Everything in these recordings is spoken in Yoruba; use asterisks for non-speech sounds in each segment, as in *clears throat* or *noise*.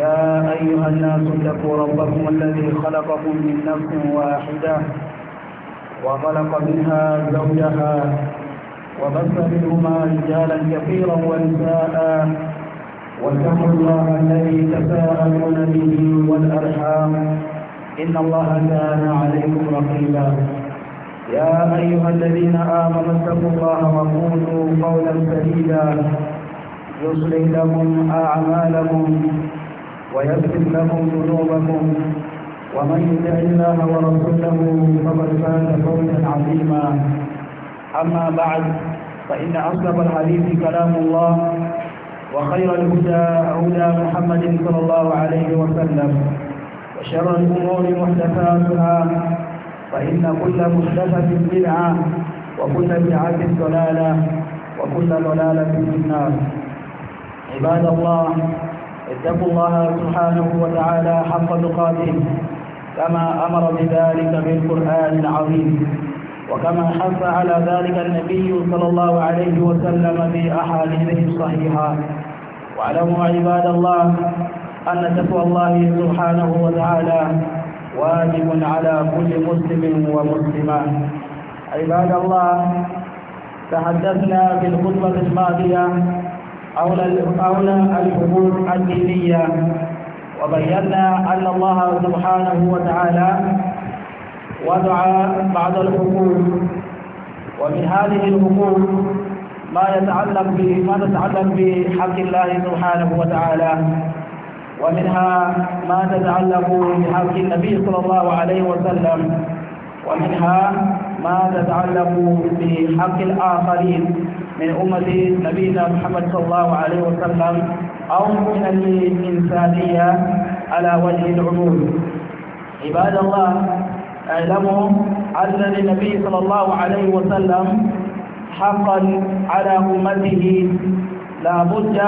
يا أيها الناس اتقوا ربكم الذي خلقكم من نفس واحدة وخلق منها زوجها وبث منهما رجالا كثيرا ونساء واتقوا الله الذي تساءلون به والأرحام إن الله كان عليكم رقيبا يا أيها الذين آمنوا اتقوا الله وقولوا قولا سديدا يصلح لكم أعمالكم ويغفر لهم ذنوبهم ومن يطع الله ورسوله فقد فاز فوزا عظيما اما بعد فان اصدق الحديث كلام الله وخير الهدى هدى محمد صلى الله عليه وسلم وشر الامور محدثاتها فان كل محدثه بدعه وكل بدعه ضلاله وكل ضلاله في النار عباد الله اتقوا الله سبحانه وتعالى حق تقاته كما أمر بذلك بالقرآن العظيم وكما حث على ذلك النبي صلى الله عليه وسلم في أحاديثه الصحيحة واعلموا عباد الله أن تقوى الله سبحانه وتعالى واجب على كل مسلم ومسلمة عباد الله تحدثنا في الخطبة الماضية حول الحقوق الدينية وبينا أن الله سبحانه وتعالى وضع بعض الحقوق ومن هذه الحقوق ما يتعلق ما تتعلق بحق الله سبحانه وتعالى ومنها ما تتعلق بحق النبي صلى الله عليه وسلم ومنها ما تتعلق بحق الآخرين من أمة نبينا محمد صلى الله عليه وسلم أو من الإنسانية على وجه العموم عباد الله اعلموا أن للنبي صلى الله عليه وسلم حقا على أمته لا بد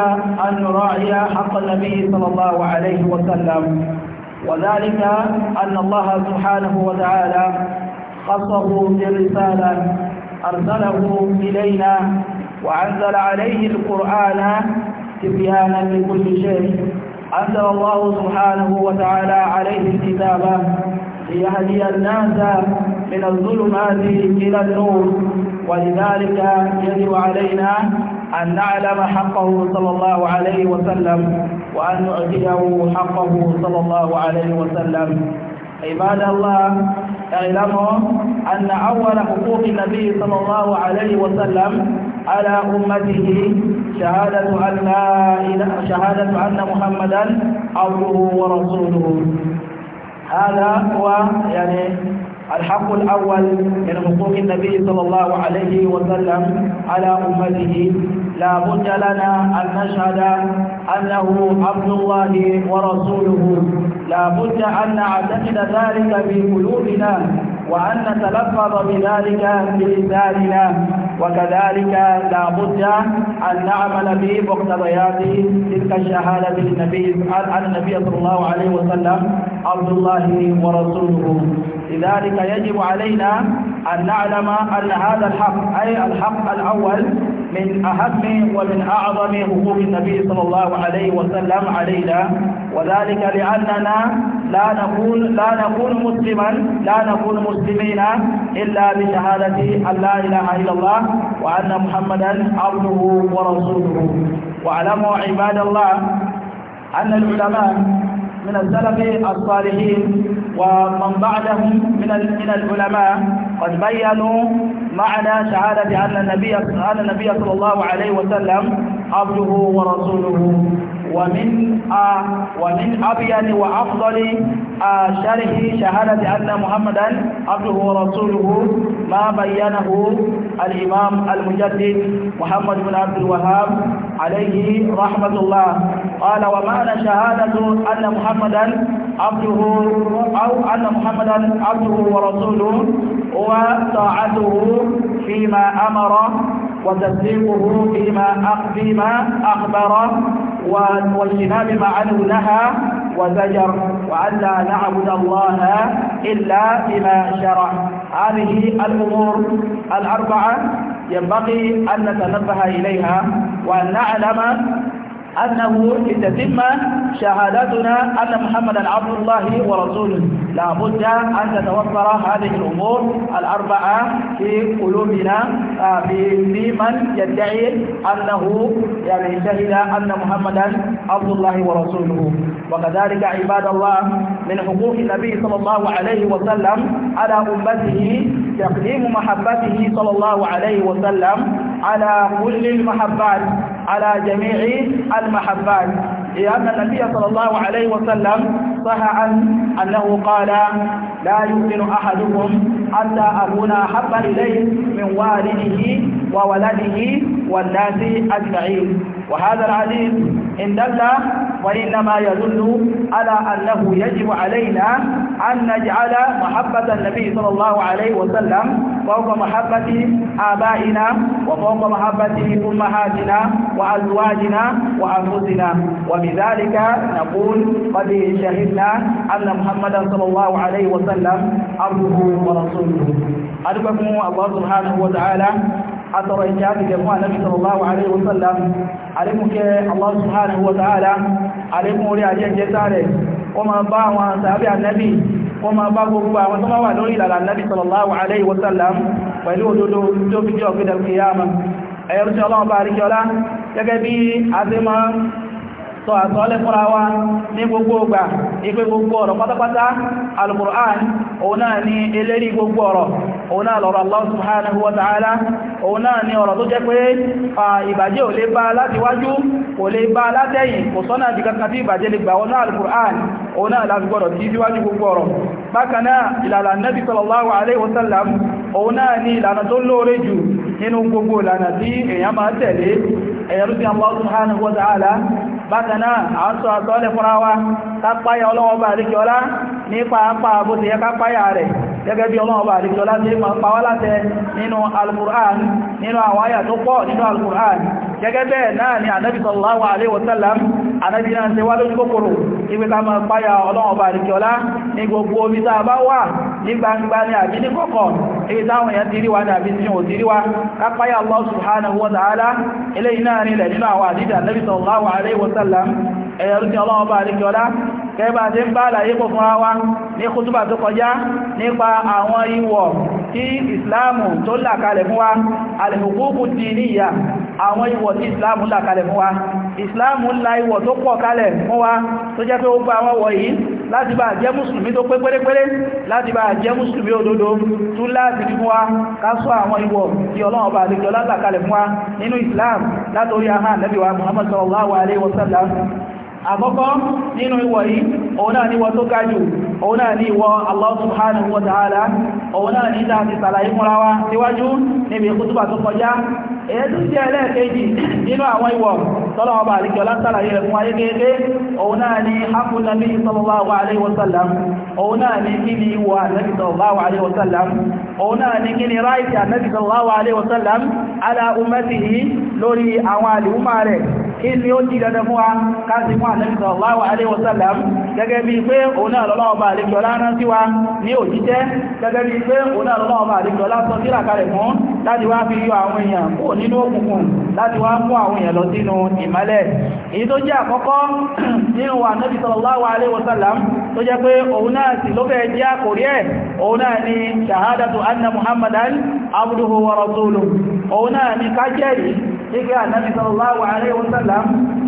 أن نراعي حق النبي صلى الله عليه وسلم وذلك أن الله سبحانه وتعالى خصه برسالة أرسله إلينا وأنزل عليه القرآن تبيانا لكل شيء أنزل الله سبحانه وتعالى عليه الكتاب ليهدي الناس من الظلمات إلى النور ولذلك يجب علينا أن نعلم حقه صلى الله عليه وسلم وأن نعطيه حقه صلى الله عليه وسلم عباد الله اعلموا أن أول حقوق النبي صلى الله عليه وسلم على أمته شهادة أن لا إله شهادة أن محمدا عبده ورسوله هذا هو يعني الحق الأول من حقوق النبي صلى الله عليه وسلم على أمته لا بد لنا أن نشهد أنه عبد الله ورسوله لا بد أن نعتقد ذلك في قلوبنا وأن نتلفظ بذلك بلساننا وكذلك لا بد أن نعمل بمقتضيات تلك الشهادة للنبي عن النبي صلى الله عليه وسلم عبد الله ورسوله لذلك يجب علينا أن نعلم أن هذا الحق أي الحق الأول من أهم ومن أعظم حقوق النبي صلى الله عليه وسلم علينا وذلك لأننا لا نكون لا نكون مسلما لا نكون مسلمين إلا بشهادة أن لا إله إلا الله وأن محمدا عبده ورسوله واعلموا عباد الله أن العلماء من السلف الصالحين ومن بعدهم من من العلماء قد بينوا معنى شهادة أن النبي أن النبي صلى الله عليه وسلم عبده ورسوله ومن آه، ومن أبين وأفضل آه، شرح شهادة أن محمدا عبده ورسوله ما بينه الإمام المجدد محمد بن عبد الوهاب عليه رحمة الله قال ومعنى شهادة أن محمدا عبده أو أن محمدا عبده ورسوله هو طاعته فيما أمر وتصديقه فيما فيما أخبر واجتناب ما عنه نهى وزجر وألا نعبد الله إلا بما شرع هذه الأمور الأربعة ينبغي أن نتنبه إليها وأن نعلم أنه لتتم شهادتنا أن محمدا عبد الله ورسوله لا بد أن تتوفر هذه الأمور الأربعة في قلوبنا آه، في من يدعي أنه يعني شهد أن محمدا عبد الله ورسوله وكذلك عباد الله من حقوق النبي صلى الله عليه وسلم على أمته تقديم محبته صلى الله عليه وسلم على كل المحبات على جميع المحبات لأن إيه، النبي صلى الله عليه وسلم صح عن أنه قال لا يؤمن أحدكم حتى أكون أحب إليه من والده وولده والناس أجمعين وهذا الحديث إن دل وإنما يدل على أنه يجب علينا أن نجعل محبة النبي صلى الله عليه وسلم فوق محبة آبائنا وفوق محبة أمهاتنا وأزواجنا وأنفسنا وبذلك نقول قد شهدنا أن محمدا صلى الله عليه وسلم عبده ورسوله أدبكم الله سبحانه وتعالى أثر إجابة جماعة النبي صلى الله عليه وسلم علمك الله سبحانه وتعالى علمه لأجل جساره وما باع وانسابع النبي وما باع وما وما ولوي إلى النبي صلى الله عليه وسلم ولو دلو دلو في القيامة أيرجى الله بارك الله يجب أزمان sọ àtọ́lẹ̀ fúnra wa ní gbogbo ọgbà ipé gbogbo ọ̀rọ̀ pátápátá al-Qur'an òun náà ni eléri gbogbo ọ̀rọ̀ òun náà lọ́rọ̀ Allah subhanahu wa ta'ala òun náà ni ọ̀rọ̀ tó jẹ́ pé ìbàjẹ́ ò lè bá láti wájú kò lè bá látẹ̀yìn kò sọ́nà bí kankan tí ìbàjẹ́ lè gbà wọ́n náà al-Qur'an òun náà àwọn sọ àtọ́lẹ̀ fúnra wa kápáyà ọlọ́wọ́ba àríkíọlá ní pàápàá bó ti yẹ kápáyà rẹ̀ gẹ́gẹ́ bí ọlọ́wọ́ba àríkíọlá ti ma pàwọ́ látẹ nínú al-Qur'an nínú àwọn àyà tó pọ̀ nínú al-Qur'an gẹ́gẹ́ bẹ́ẹ̀ náà ni ànábì sallallahu alaihi wasallam ànábì náà ṣe wá lójú kòkòrò ìwé ká máa páyà ọlọ́wọ́ba àríkíọlá ní gbogbo omi tá a bá wà ní gbangba ni àbí ní kọ̀kọ̀ èyí táwọn Allah subhanahu wa ta'ala eléyìí náà nílẹ̀ nínú àwọn sallallahu alaihi wasallam ẹ̀yẹ̀rú ti ọlọ́wọ́ba àríkíọlá kẹba tí ń bá àlàyé pọ̀ fún wa ní kútúbà tó kọjá nípa àwọn ìwọ̀ tí ìsìláàmù tó làkalẹ̀ fún wa alìmùkúkú ti níyà àwọn ìwọ̀ tí ìsìláàmù làkalẹ̀ fún wa ìsìláàmù la ìwọ̀ tó pọ̀ kalẹ̀ fún wa tó jẹ́ pé ó gba àwọn wọ̀ yìí láti bá jẹ́ mùsùlùmí tó pé pérépéré láti bá jẹ́ mùsùlùmí òdodo tó láti ní fún wa ká sọ àwọn ìwọ̀ tí ọlọ́run bá lè jọ lálàkalẹ̀ fún wa nínú islam látorí ahán nẹ́bíwá muhammad sallallahu alaihi wasallam àkọ́kọ́ nínú ìwọ̀ yìí òun náà ni wọ́n tó gájù òun náà ní ìwọ Allah subhanahu wa ta'ala òun náà ní ìdáàtì sàlàyé múra wa síwájú níbi ìkútùbà tó kọjá èyí tó jẹ́ ẹlẹ́ẹ̀kejì nínú àwọn ìwọ̀ tọ́lọ̀ ọba àríkẹ́ ọlásàlàyé rẹ̀ fún ayé kéèké òun náà ni haqqu nabi sallallahu alaihi wasallam òun náà ni kí ni ìwọ̀ ànábì sallallahu alaihi wasallam òun náà ni kí ni ráìtì ànábì ó jí dandan fún fún ànábì sallallahu alaihi wasallam gẹ́gẹ́ bí pé òun náà lọ́lọ́ ọba àlejọ́lá rán sí wa ní òjíṣẹ́ gẹ́gẹ́ bí pé òun náà lọ́wọ́ ọba àlejọ́lá sọ sí làkàrẹ̀ fún láti wá fi yọ àwọn èèyàn kúrò nínú òkùnkùn láti wá mú àwọn èèyàn lọ sínú ìmọ́lẹ̀ èyí tó jẹ́ àkọ́kọ́ *clears throat* nínú wa Ànábì sallallahu alaihi wasallam tó jẹ́ pé òun náà sì ló fẹ́ jẹ́ àkórí ẹ̀ òun náà ni shahadatu anna muhammadan abduhu wa rasuluhu òun náà ni ká jẹ́rìí nígbà Ànábì sallallahu alaihi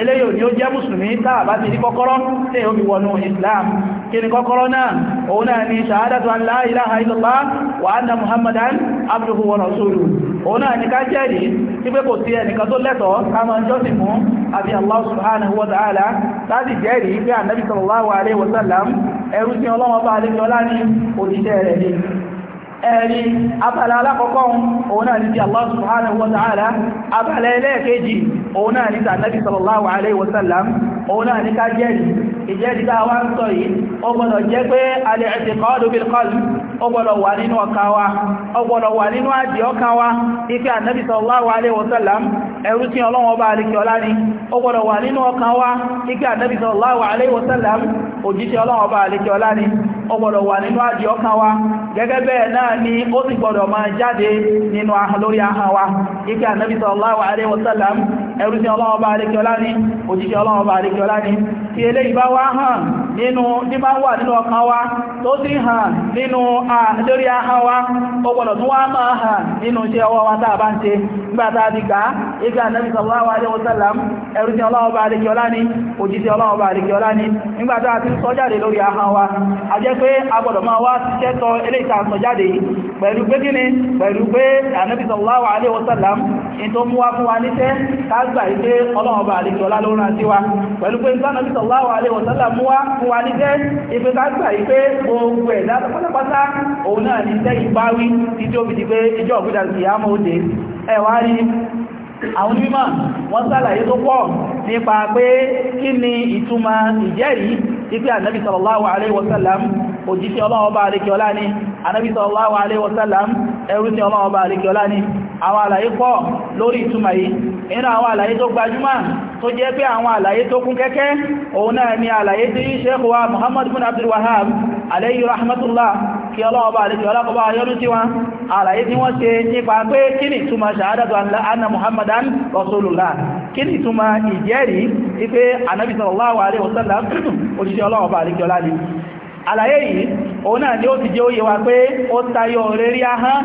eléyò ni ó jẹ́ mùsùlùmí tàà bá ti ní kọ́kọ́rọ́ tí ó fi wọnú islam kí ni kọ́kọ́rọ́ náà òun náà ni ṣàádàtù an la ilaha illallah wa anna muhammadan abduhu wa rasuluhu òun náà ni ká jẹ́rì tí pé kò sí ẹnìkan tó lẹ́tọ̀ọ́ káàmà jọ́sìn mú àbí allah subhanahu wa ta'ala láti jẹ́rì pé annabi sallallahu alaihi wasallam ẹrú sí ọlọ́wọ́ bá alẹ́ ẹ̀rí abala alákọ̀ọ́kọ́ òun náà ni ti allah subhanahu wa ta'ala abala ẹlẹ́ẹ̀kejì òun náà ní tàbí sallallahu alaihi wasallam òun náà ní ká jẹ́rìí ìjẹ́rìí tá a wá ń sọ yìí ó gbọ́dọ̀ jẹ́ pé al-i'tiqadu bil-qalbi ó gbọ́dọ̀ wà nínú ọkàn wa ó gbọ́dọ̀ wà nínú àdì ọkàn wa ife ànábì sallallahu alaihi wasallam ẹrú tí ọlọ́wọ́ bá alikẹ́ ọlá ni ó gbọ́dọ̀ wà nínú ọkàn wa ife ànábì sallallahu ẹrú sí ọlọ́wọ́ bá alékẹ́ ọlá ní òjíṣẹ́ ọlọ́wọ́ bá alékẹ́ ní tí ilé ìbá wá hàn nínú ní wà nínú ọkàn wa tó sì hàn nínú lórí ahọ́n wa ó gbọ́dọ̀ tún wá máa hàn nínú iṣẹ́ ọwọ́ wa tàà bá ń ṣe nígbàtà ti pé a gbọ́dọ̀ pẹ̀lú pé kíni pẹ̀lú pé mú wá fún wa níṣẹ́ ká gbà ilé ọlọ́ọ̀bà àlejọ́lá ló rán sí wa pẹ̀lú pé ìgbà nàbí sallallahu alaihi wasallam mú wá fún wa ní jẹ́ ipe ká gbà ipé gbogbo ẹ̀dá pátápátá òun náà ní iṣẹ́ ìbáwí títí ó fi di pé ìjọ ògbìdà sí àmọ́ òde ẹ̀wá rí àwọn onímọ̀ wọ́n sàlàyé tó pọ̀ nípa pé kí ni ìtumọ̀ ìjẹ́rìí ipe ànábì sallallahu alaihi wasallam òjíṣẹ́ ọlọ́wọ́ bá àríkẹ́ ọlá ní Ànábì sallallahu alaihi wasallam ẹrú sí ọlọ́wọ́ bá àríkẹ́ ọlá ní àwọn àlàyé pọ̀ lórí ìtumọ̀ yìí inú àwọn àlàyé tó gbajúmọ̀ tó jẹ́ pé àwọn àlàyé tó kún kẹ́kẹ́ kí ni ìtumọ̀ shahadatu anna Muhammadan rasulullah òjíṣẹ́ ọlọ́wọ́ bá àríkẹ́ ọlá ni àlàyé yìí òun náà ni ó ti jẹ́ ó yé wa pé ó tayọ rírí ahán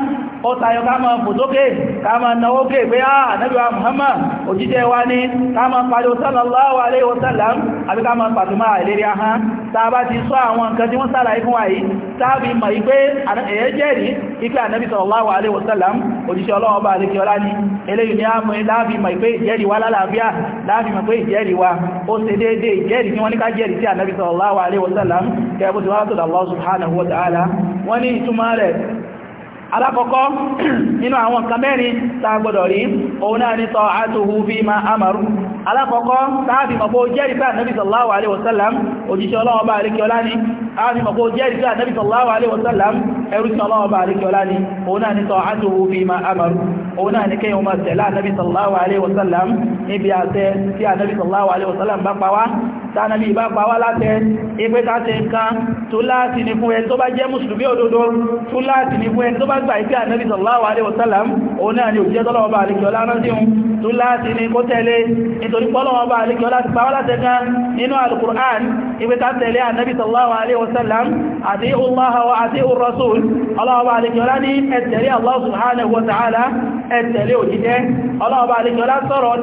ó tayọ ká máa fòtókè ká máa náwó kè pé àà ah, Ànábì wa Muhammad òjíṣẹ́ wa ní ká máa pariwo sallallahu alaihi wasallam àbí ká máa pàtùmá ìlérí ahán tàbá ti sọ àwọn nǹkan tí wọ́n sàlàyé fún wa yìí tàbí mọ̀ ipé ẹ̀yẹ jẹ́rìí ipé Ànábì sallallahu alaihi wasallam òjíṣẹ́ ọlọ́ọ̀bá àríkíọlá ní eléyìí ni a wá tọ̀dọ̀ Allah subhanahu wa ta'ala wọ́n ní ìtumọ̀ rẹ̀ alákọ̀ọ́kọ́ *clears throat* nínú àwọn nǹkan mẹ́rin tàà gbọdọ̀ rí òun náà ní tọ́ àtòhù bí ma àmàrù alákọ̀ọ́kọ́ tààbí mọ̀kó jẹ́rìí pé ànábì sallallahu alaihi wasallam òjíṣẹ́ ọlọ́wọ́ bá àríkẹ́ ọlá ní tààbí mọ̀kó jẹ́rìí pé ànábì sallallahu alaihi wasallam ẹrùsìn ọlọ́wọ́ bá àríkẹ́ ọlá ní òun náà ní tọ́ àtòhù tánàbí ìbá pa wá látẹ ipé káṣe nǹkan tó láti ní fún ẹ tó bá jẹ́ mùsùlùmí òdodo tó láti ní fún ẹ tó bá gbà ìpé ànábì sallallahu alaihi wasallam òun náà ni òjíṣẹ́ tọ́lọ́wọ́ bá àríkẹ́ ọlá rán síun tó láti ní kó tẹ̀lé nítorí pọ́lọ́wọ́ bá àríkẹ́ ọlá ti pa wá látẹ kan nínú al-Qur'an ipé ká tẹ̀lé ànábì sallallahu alaihi wasallam àti Allah wa àti ar-Rasul ọlọ́wọ́ bá àríkẹ́ ọlá ní ẹ tẹ̀lé Allah subhanahu wa ta'ala ẹ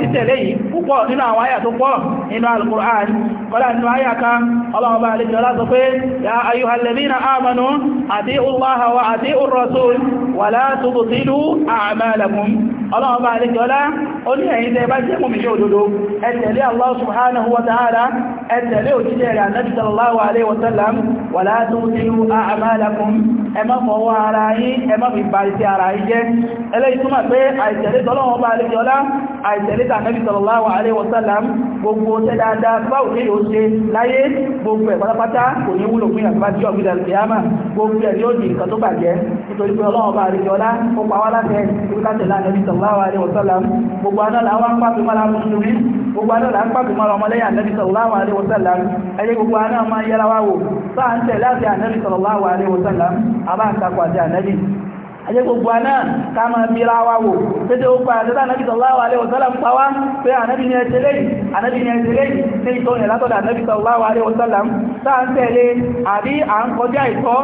títẹ̀lé yìí púpọ̀ nínú àwọn àyà tó pọ̀ nínú al kọ́lá nínú ayaka ọlọ́ọ̀bá alẹ́jọ́ lásọ pé ya ayyuhallazina amanu ati'u Allaha wa ati'u ar-rasul wa la tubtilu a'malakum ọlọ́ọ̀bá alẹ́jọ́lá ó ní ẹ̀yin tẹ́ bá jẹ́ mọ̀mí ní òdodo ẹ tẹ̀lé Allah subhanahu wa ta'ala ẹ tẹ̀lé òjíṣẹ́ rẹ̀ Ànábì sallallahu alaihi wasallam wa la tubtilu a'malakum ẹ má fọwọ́ àìtẹ̀lẹ́ta nẹ́bí sallallahu alaihi wasallam gbogbo tẹ́ dáadáa báwo ní yóò ṣe láyé gbogbo ẹ̀ pátápátá kò ní wúlò fún ìyàtọ̀ bá jọ gbídà kìyàmà gbogbo ẹ̀ yóò di nǹkan tó bàjẹ́ nítorí pé ọlọ́run bá rí ọlá ó pa wá láti ẹ̀kí láti lá nẹ́bí sallallahu alaihi wasallam gbogbo aná là wá ń pàtó mọ́ra mùsùlùmí ajẹ́ gbogbo aná ká máa bíra wa wò pété ó pa àtẹ́tà anábì sallallahu alaihi wasallam pa wá pé anábì ní ẹsẹ̀ lẹ́yìn anábì ní ẹsẹ̀ lẹ́yìn tí ìtọ́ látọ̀dọ̀ anábì sallallahu alaihi wasallam tá à ń tẹ̀lé àbí à ń kọjá ìtọ́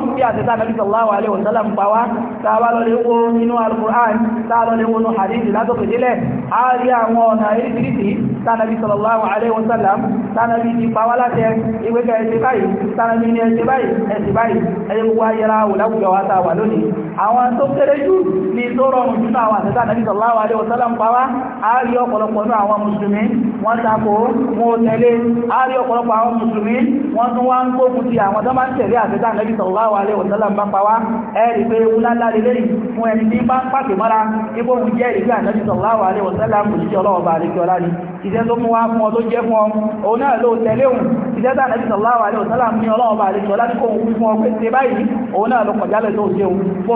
alaihi wasallam pa wá tá a bá lọ lè wo inú alukur'an tá a lọ alaihi wasallam tánàbí ti pa wá láti ìwé kẹ ẹsẹ̀ báyìí tánàbí ní ẹsẹ̀ báyìí ẹsẹ̀ báyìí ẹyẹ kéré jù ní tó rọrùn jù náà wà tẹ́tà nàbí sallallahu alaihi wasallam ń pa wá a rí ọ̀pọ̀lọpọ̀ ní àwọn mùsùlùmí wọ́n tako wọ́n tẹ̀lé a rí ọ̀pọ̀lọpọ̀ àwọn mùsùlùmí wọ́n tún wá ń gbógun ti àwọn tó ń tẹ̀lé àtẹ́tà nàbí sallallahu alaihi wasallam ń bá pa pé wúlálá lélẹ́ nàbí sallallahu alaihi ní ọlọ́ọ̀bà àríkọ́lá ní kò ń fún ọ pé báyìí òun náà ló kọjá lẹ́tọ̀ọ́ ṣe òun bó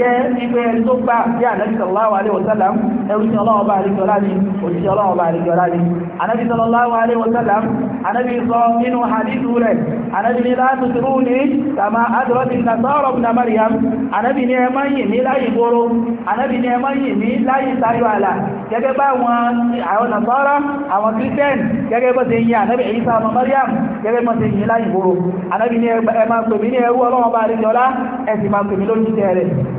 jẹ́ ẹgbẹ́ tó gbà bí ànábì sallallahu alaihi wasallam ẹrú sí ọlọ́wọ́ bá àríkẹ́ ọlá ní òṣìṣẹ́ ọlọ́wọ́ bá àríkẹ́ ọlá ní ànábì sallallahu alaihi wasallam ànábì sọ nínú hadithu rẹ̀ ànábì ní láti tìrú ní kama adọ́tí nasọ́rọ̀ na Maryam ànábì ní ẹ máa yìn ní láyì gbóró ànábì ní ẹ máa yìn ní láyì sáyọ àlà gẹ́gẹ́ bá àwọn nasọ́rọ̀ àwọn christian gẹ́gẹ́ bó ṣe yìn ànábì Ìsá ọmọ Maryam gẹ́gẹ́ bó ṣe yìn láyì gbóró ànábì ní ẹ máa pè mí ní ẹrú ọlọ́wọ́ bá àríkẹ́ ọlá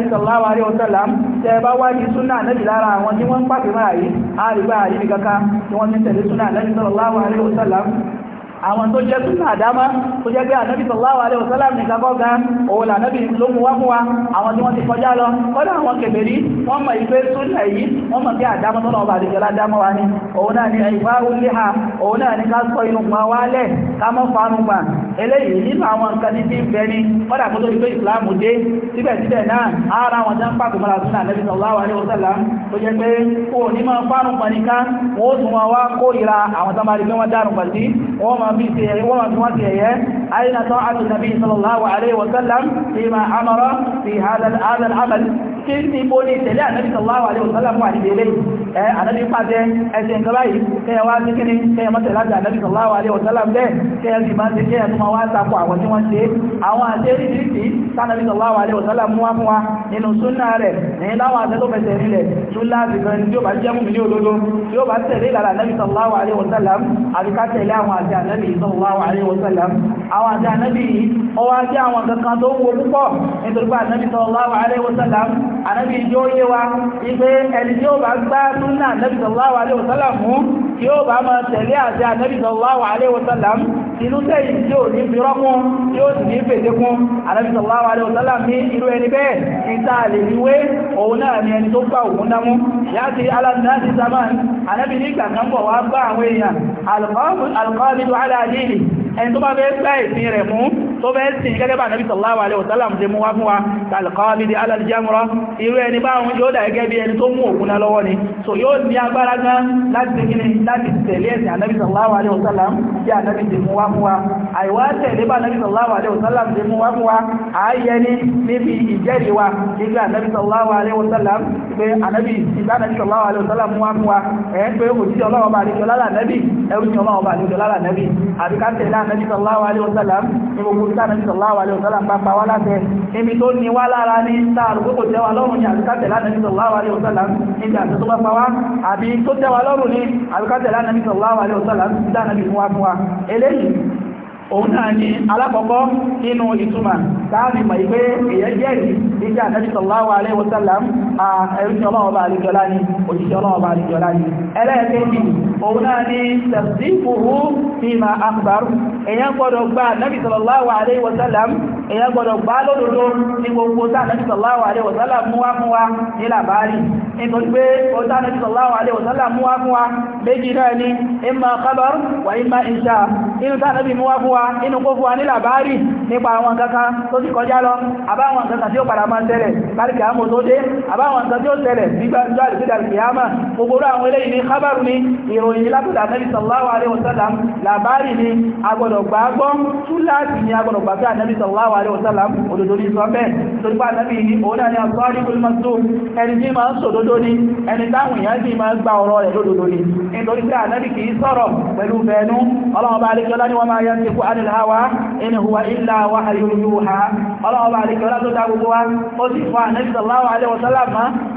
Ànábì sallallahu alaihi wasallam tẹ́ bá wá ní súnà Ànábì lára àwọn tí wọ́n ń pàtẹ́ máa yìí àrígbà àríbì kankan tí wọ́n ń tẹ̀lé súnà Ànábì sallallahu alaihi wasallam àwọn tó jẹ́ súnà àdámá tó jẹ́ pé ànábì sallallahu alaihi wasallam ní kàkọ́gá òun lànábì ló mú wá fún wa àwọn tí wọ́n ti kọjá lọ kọ́dá àwọn kèbèrí wọ́n mọ̀ ìgbé súnà yìí wọ́n mọ̀ sí àdámá tó lọ́wọ́ àdìjọ́ ládámá wa ni òun náà ni ìfá ulíha òun náà ni ká sọ inú pa wá lẹ̀ ká mọ́ farun pa eléyìí nínú àwọn nǹkan ní ti وما في أين طاعة النبي صلى الله عليه وسلم فيما أمر في هذا هذا العمل kí ní bó ní ìtẹ̀lé ànábì sallallahu alaihi wasallam wà níbi ilé ẹ̀ ànábì pàtẹ ẹsẹ̀ nǹkan báyìí kẹyà wá sí kíní kẹyà mọ́tẹ̀ láti ànábì sallallahu alaihi wasallam bẹ́ẹ̀ kẹyà sì máa ṣe kẹyà tó máa wá sàkó àwọn tí wọ́n ṣe àwọn àṣẹ́rí títí sánàbì sallallahu alaihi wasallam mú wá fún wa nínú súnà rẹ̀ ní láwọn àṣẹ tó fẹsẹ̀ nílẹ̀ tún láti gan ni tí ó bá jẹ́ mú mi ní òdodo tí ó bá tẹ̀lé ìlànà ànábì sallallahu alaihi ọwọ́ àṣẹ àwọn kankan tó ń wo púpọ̀ nítorí pé ànábì sallallahu alaihi ànábì ìjọ yé wa ipé ẹni tí ó bá gbá súnà ànábì sallallahu alaihi wasallam mú ó bá máa tẹ̀lé àti ànábì sallallahu ìlú sẹ́yìn tí ò ní fìrọ́kún tí ó sì ní fèdékún Ànábì sallallahu alaihi wasallam ní irú ẹni bẹ́ẹ̀ ìta lè níwé òun náà ni ẹni tó gbà òun dámú yáti aláàdínáàdì saman bá fẹ́ gbá ìsìn rẹ̀ mú tó mú wá fún wa alqabidi ala aljamra irú ẹni bá wọn yóò dà gẹ́gẹ́ bí ẹni tó mú òkúná lọ́wọ́ ni so yóò ní agbára gan láti tẹ̀lé ẹ̀sìn Ànábì fún wa àìwá tẹ̀lé bá nàbí sallallahu alaihi wasallam ti mú wá fún wa ààyẹ ní níbi ìjẹ́rìí wa nígbà nàbí sallallahu alaihi wasallam pé ànábì ìgbà nàbí sallallahu alaihi wasallam mú wá fún wa ẹ̀ pé òjíṣẹ́ ọlọ́wọ́ bá àlejò lára nàbí ẹrú ni ọlọ́wọ́ bá àlejò lára nàbí àbí ká tẹ̀lé ànábì sallallahu alaihi wasallam ní gbogbo ìgbà nàbí sallallahu alaihi wasallam bá pa wá láṣẹ níbi òun náà ni alákọ̀ọ́kọ́ nínú ìtumà láàrin mọ̀ ìpé èyẹ jẹ́rì nígbà Ànábì sallallahu alaihi wasallam ẹ̀rùsí ọlọ́ọ̀bá àríjọlá ni òjíṣẹ́ ọlọ́ọ̀bá àríjọlá ni ẹlẹ́ẹ̀kẹ́jì òun náà ni tasdiquhu fima akhbar èyàn gbọ́dọ̀ gba Ànábì sallallahu alaihi wasallam èyàn gbọ́dọ̀ gbá lódodo ní gbogbo tá Ànábì sallallahu alaihi wasallam mú wá fún wa ní làbárí nítorí pé ọjọ́ Ànábì sallallahu alaihi wasallam mú wá fún wa méjì náà ni imma khabar wa imma insha inú tá Ànábì mú wá fún wa wa nínú kó fún wa ní làbárì nípa àwọn kankan tó ti kọjá lọ àbáwọn kankan tí ó padà máa ṣẹlẹ̀ kárìkì àmọ́ tó dé àbáwọn kan tí ó ṣẹlẹ̀ nígbà ìjọ àdìsídà kìyàmà gbogbo àwọn eléyìí ní kábàrù ni ìròyìn látọ̀dà Ànábì sallallahu alaihi wasallam làbárì ni agbọ́dọ̀ gbàgbọ́ túláàtì ni agbọ́dọ̀ gbàgbé Ànábì sallallahu alaihi wasallam òdòdó ní sọ bẹ́ẹ̀ torí pé Ànábì ni òun náà ni àtọ́rí kúlù máa ọlọ́run bá alẹ́kẹ́ ọlá ni wọ́n máa yá ti kú anil hawa in huwa illa wahyun yuha ọlọ́ọ̀bá àríkẹ́ ọlá tó dá gbogbo wa ó sì fún ànábì sallallahu alaihi wasallam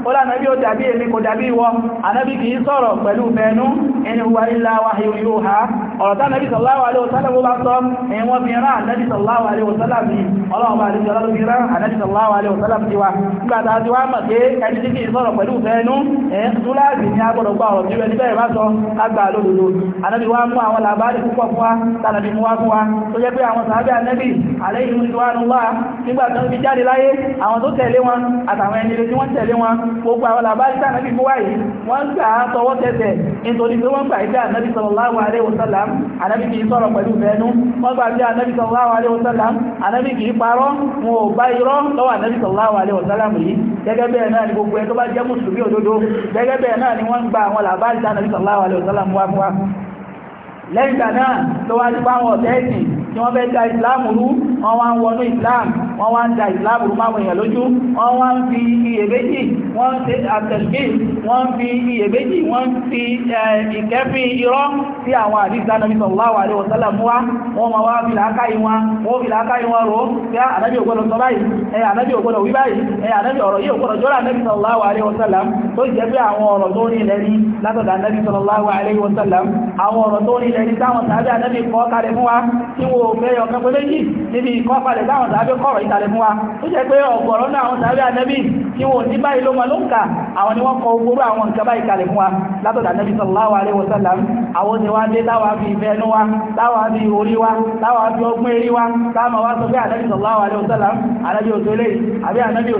ó lánàbí ó dàbí èmi kò dàbí wọ ànábì kìí sọ̀rọ̀ pẹ̀lú mẹ́nu in huwa illa wahyun yuha ọ̀rọ̀ tánàbí sallallahu alaihi wasallam bá sọ ẹ̀yìn wọ́n fi rán ànábì sallallahu alaihi wasallam ni ọlọ́ọ̀bá àríkẹ́ ọlá tó fi rán ànábì sallallahu alaihi wasallam ti wa nígbà tá a ti wá mọ̀ pé ẹni tí kìí sọ̀rọ̀ pẹ̀lú mẹ́nu ẹ̀ túláàbì ni a gbọ́dọ̀ gbà ọ̀rọ̀ tí rẹ̀ níbẹ̀ bá sọ ká gbà lódodo ànábì wa mú àwọn làbárì púpọ̀ fún wa tánàbí mú wa fún tó jẹ́ pé àwọn sàábé ànẹ́bì alayhim ridwanullah nígbà tó ń fi jáde láyé àwọn tó tẹ̀lé wọn àtàwọn ẹni tí wọ́n tẹ̀lé wọn gbogbo àwọn làbárí tí ànẹ́bì mú wáyé wọ́n ń gbà á tọwọ́ tẹsẹ̀ nítorí pé wọ́n gbà ìdí ànẹ́bì sallallahu alayhi wa sallam ànẹ́bì kì í sọ̀rọ̀ pẹ̀lú fẹ́nu wọ́n gbà bí ànẹ́bì sallallahu alayhi wa sallam ànẹ́bì kì í parọ́ wọn ò bá irọ́ sallallahu alayhi wa sallam lẹ́yìn ìgbà náà tó wá nípa àwọn ọ̀tẹ́ ẹ̀sìn tí wọ́n fẹ́ da ìsìláàmù rú wọ́n wá ń wọnú ìsìláàmù wọ́n wá ń da ìsìláàmù rú máwọn èèyàn lójú wọ́n wá ń fi iyèméjì wọ́n ń ṣe àtẹ̀lùgbé wọ́n ń fi iyèméjì wọ́n ń fi ìkẹ́fín irọ́ sí àwọn àdìsí anábì sallallahu alaihi wasallam wá wọ́n máa wá fi làákàyè wọn wọ́n fi làákàyè wọn rò pé ah, ànábì ògbọ́dọ̀ sọ báyìí ẹ ànábì wí báyìí ẹ ọ̀rọ̀ yìí ògbọ́dọ̀ jọ́rọ̀ ànábì sallallahu alaihi wasallam tó jẹ́ pé àwọn ọ̀rọ̀ tó rí ilẹ̀ kalẹ̀ ní táwọn sàábé ànábì kọ́ kalẹ̀ fún wa tí wo mẹ́yọ kan pé méjì níbi ìkọ́ kalẹ̀ táwọn sàábé kọ̀rọ̀ ìtàlẹ̀ fún wa ó jẹ́ pé ọ̀gọ̀rọ̀ náà àwọn sàábé ànábì tí wo ní báyìí ló mọ ló ń kà àwọn ni wọ́n kọ ogbóró àwọn nǹkan báyìí kalẹ̀ fún wa látọ̀dà ànábì sallallahu alaihi wasallam àwọn ni wá dé táwa fi ìfẹ́ ẹnu wa táwa fi orí wa táwa fi ọgbọ́n eré wa táwa wá sọ pé ànábì sallallahu alaihi wasallam ànábì òjò lè àbí ànábì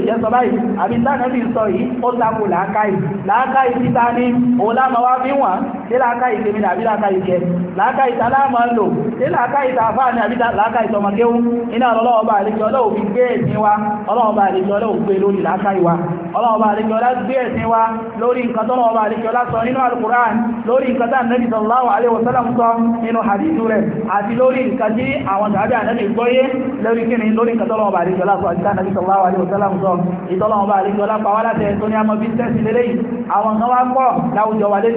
òjò sọ báyìí àbí tánàbì sọ yìí ó takò làákàyè làákàyè títa ní òun láàmà wá fi jẹ làákàyè tá láàmà ń lò tí làákàyè tá àfáà ní àbíta làákàyè tọmọkéhùn iná ọlọ́wọ́ bá àlejò ọlọ́wọ́ fi gbé ẹ̀sìn wa ọlọ́wọ́ bá àlejò ọlọ́wọ́ gbé lórí làákàyè wa ọlọ́wọ́ bá àlejò ọlá gbé ẹ̀sìn wa lórí nǹkan tọ́lọ́wọ́ bá àlejò ọlá sọ nínú alukuran lórí nǹkan tá nẹ́bí sallallahu alaihi wasallam sọ nínú hadithu rẹ̀ àti lórí nǹkan tí àwọn tàbí ànẹ́bí gbọ́yé lórí kíni lórí nǹkan tọ́lọ́wọ́ bá àlejò ọlá sọ àti tánàbí sallallahu alaihi wasallam sọ ìtọ́lọ́wọ́ bá àlejò ọlá pàwọ́ láti ẹ̀ tó ní àmọ́ bí tẹ́sí lélẹ́yìn àwọn kan wá pọ̀ láwùjọ wà lé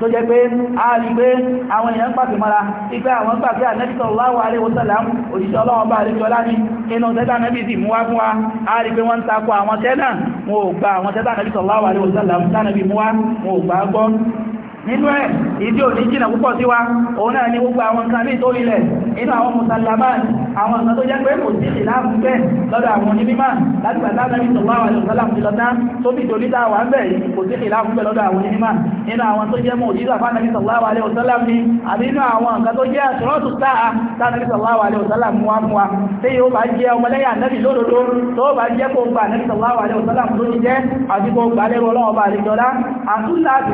tó jẹ́ pé a rí pé àwọn èèyàn pàtì mọ́ra ipẹ́ àwọn pàtì ànẹ́bìtọ̀ láwọ̀ aléwòsàlám òṣìṣẹ́ ọlọ́wọ́ bá àríjọlá ní inú tẹ́tà nẹ́bì sì mú wá fún wa a rí pé wọ́n ń takọ àwọn tẹ́nà wọn ò gba àwọn tẹ́tà nẹ́bìtọ̀ láwọ̀ nínú ẹ̀ ìdí òní jìnà púpọ̀ sí wa òun náà ni gbogbo àwọn nǹkan bíi tó ilẹ̀ inú àwọn musallaman àwọn nǹkan tó jẹ́ pé kò sí ìlàmù bẹ́ẹ̀ lọ́dọ̀ àwọn onímímà láti bàtà nàbí sọ̀rọ̀ àwọn àlùsálàmù ti lọ́tà tó bí torí tá wà ń bẹ̀ yìí kò sí ìlàmù bẹ́ẹ̀ lọ́dọ̀ àwọn onímímà inú àwọn tó jẹ́ mọ̀ òjìlá fún nàbí sọ̀rọ̀ àwọn àlùsálàmù ni àbí inú àwọn nǹkan tó jẹ́ àṣírọ́tù sáà tá nàbí sọ̀rọ̀ àwọn àlùsálàmù wa mú wa tí yóò bá jẹ́ ọmọlẹ́yà nàbí lódodo tó bá jẹ́ kó gbà nàbí sọ̀rọ̀ àwọn àlùsálàmù ló ti jẹ́ àti kó gbà lẹ́rọ ọlọ́wọ́ bá àlejò lá àtúntà àti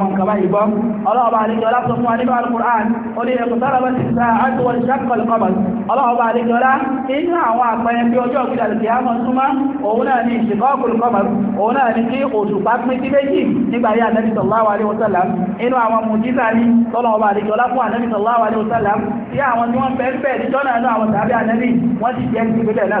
àwọn nǹkan báyìí gbọ́ ọlọ́ọ̀bá àlejò ọlá sọ fún wa nínú alukur'an ó ní ẹ̀kọ́ sára bá ti sa àtúwọ̀ ìṣàkọ̀ lọ́kọ̀bọ̀n ọlọ́ọ̀bá àlejò ọlá inú àwọn àpẹẹrẹ bí ọjọ́ òkúta lè kíá mọ́ súnmọ́ òun náà ní ìṣèkọ́kù lọ́kọ̀bọ̀n òun náà ní kí òṣùpá pín sí méjì nígbà yá ànábì sallallahu alaihi wasallam inú àwọn mùjísà ní tọ́lọ́ọ̀bá àlejò ọlá fún ànábì sallallahu alaihi wasallam tí àwọn tí wọ́n fẹ́ẹ́ fẹ́ẹ́ níjọ́ náà náà àwọn tàbí ànábì wọ́n ti jẹ́ ti gbẹ́lẹ̀ náà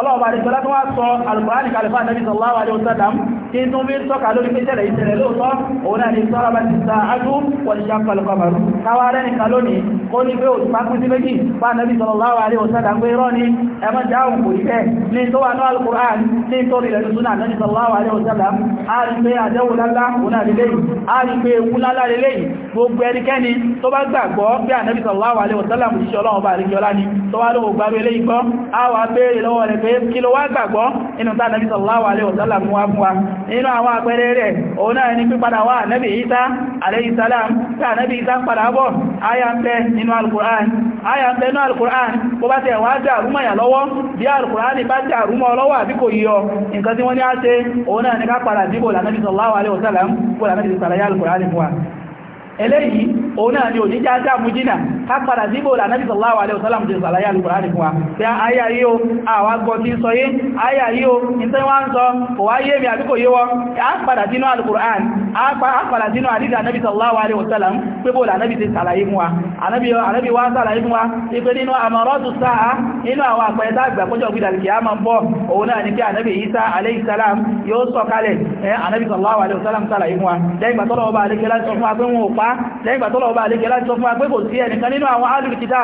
ọlọ́ọ̀bá àlejò tó wá sọ alùpùránì kalifá ànábì sallallahu alaihi wasallam tí tó bí tọ́ka lórí pẹ́tẹ̀lẹ̀ ìṣẹ̀lẹ̀ lóòtọ́ òun náà ni sọ́ra bá ti sa ájú wọ́n ṣe pàlùkọmọ̀rú káwà rẹ̀ nìkan lónìí kó ní pé òtù pápú sí méjì bá nàbí sallallahu alaihi wasallam pé rọ́ ní ẹmọ́ jáhùn kò ìfẹ́ ní tó wà náà al-Qur'an ní tó rí lẹ́nu súnà nàbí sallallahu alaihi wasallam a rí pé àjẹ́wò lálá òun náà lélẹ́ yìí a rí pé ewu lálá lélẹ́ yìí gbogbo ẹnikẹ́ni tó bá gbàgbọ́ pé ànàbí sallallahu alaihi wasallam mú wá nínú àwọn àpẹẹrẹ rẹ̀ òun náà ni pípadà wá nẹ́bì Ìsá aléìsàlám tí a nẹ́bì Ìsá padà bọ̀ aya ń bẹ nínú alkùrán aya ń bẹ nínú alkùrán bó bá tẹ̀ wá jẹ́ àrúmọ̀yà lọ́wọ́ bí alkùrán bá jẹ́ àrúmọ̀ lọ́wọ́ àbí kò yíọ nǹkan tí wọ́n ní á ṣe òun náà ni ká padà síbò lànàbì sallallahu alaihi wasallam bó lànàbì sàlàyé alkùrán fún wa eléyìí òun náà ni òjíjá dámú jìnà ká padà síbò lànàbí sallallahu alaihi wasallam jẹ́ sàlàyé alùkùránì fún wa tí àyà yíò àwágọ́ tí sọ yé àyà yíò ní tí wọ́n ń sọ kò wá yé mi àbíkò yíwọ́ a padà sínú alùkùránì a padà sínú àdídà nàbí sallallahu alaihi wasallam pé bó lànàbí ti sàlàyé fún wa ànàbí wá sàlàyé fún wa ipé nínú àmọ̀rọ́tù sáà nínú àwọn àpẹẹta àgbàkójọ gbìdàlìkì a máa ń bọ́ òun náà ni pé ànàbí Isa alaihi salam yóò sọ kalẹ̀ ànàbí sallallahu alaihi wasallam sàlàyé fún wa lẹ́yìn gbàtọ́lọ́wọ́ bá alẹ́kẹ́lá sọ fún apẹ́ wọn ò pa lẹ́yìn gbàtọ́l tọ́lọ̀ bá àlékẹ́ láti sọ fún agbé kò sí ẹnìkan nínú àwọn alìkìtà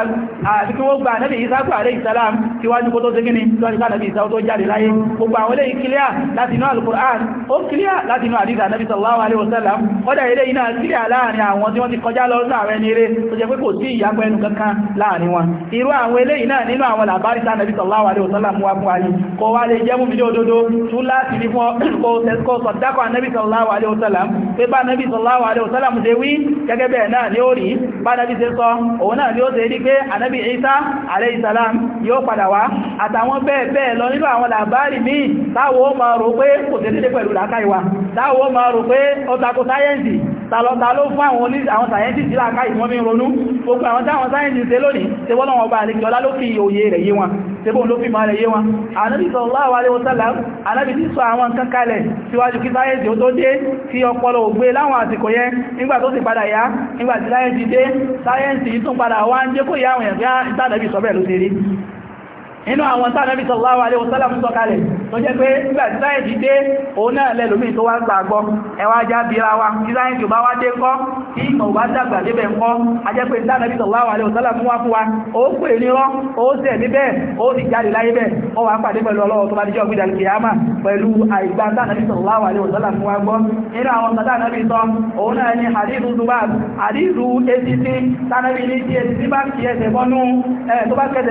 àti kí wọ́n gba ànábì ìsáàkù àrẹ ìsàlám kí wájú kó tó sí gíní lọ́díká ànábì ìsáàkù tó jáde láyé gbogbo àwọn ilé ìkìlíà láti inú alukur'an ó kìlíà láti inú àdíza ànábì sallallahu alaihi wasallam kọ́dà ilé iná kìlíà láàrin àwọn tí wọ́n ti kọjá lọ sí àwọn ẹni eré tó jẹ́ pé kò sí ìyapẹ́ ẹnu kankan láàrin wọn irú àwọn ilé iná nínú àwọn làbárí tá ànábì sallallahu alaihi wasallam wá fún ayé gẹ́gẹ́ bẹ́ẹ̀ náà náà ni ó rí bá nàbí ṣe sọ òun náà ni ó ṣe rí pé ànábì Isa alayhi yóò padà wá àtàwọn bẹ́ẹ̀ bẹ́ẹ̀ lọ nínú àwọn làbárì míì táwọn ó máa rò pé kò tẹ́lẹ̀ pẹ̀lú làákàyè táwọn ó máa rò pé ó sáyẹ́ǹsì tàlọ́ta ló fún àwọn oní àwọn sàyẹ́ntìsì láàká ìwọ́n mi ronú gbogbo àwọn táwọn sáyẹ́ntì ṣe lónìí ṣe wọ́n lọ́wọ́ ọba àlejò ọlá ló fi òye rẹ̀ yé wọn ṣe bóun ló fi máa rẹ̀ yé wọn ànábì sallallahu alaihi wasallam ànábì ti sọ àwọn nǹkan kalẹ̀ síwájú kí sáyẹ́ntì ó tó dé tí ọpọlọ ògbé láwọn àsìkò yẹn nígbà tó sì padà yá nígbà tí sáyẹ́ntì dé sáyẹ́ntì tún padà wá ń jẹ́ kó yá àwọn èèyàn ah, bí i inú àwọn tánà bí sallallahu alaihi wasallam sọ̀kalẹ̀ tó jẹ́ pé nígbà tí sáyẹ̀sì dé òun náà lẹ́lòmí tó wá ń gbàgbọ́ ẹwà já bíra wa tí sáyẹ̀sì bá wá dé kọ́ tí ìmọ̀ bá dàgbà débẹ̀ ń sallallahu alaihi wasallam wá fún wa ó pè ní rọ́ ó sẹ̀ níbẹ̀ ó sì jáde láyé bẹ̀ ó wà pàdé pẹ̀lú ọlọ́wọ́ sallallahu alaihi wasallam wá gbọ́ inú àwọn kan tánà ni hadithu zubab hadithu etiti tánà bí ní tí etiti bá kí ẹsẹ̀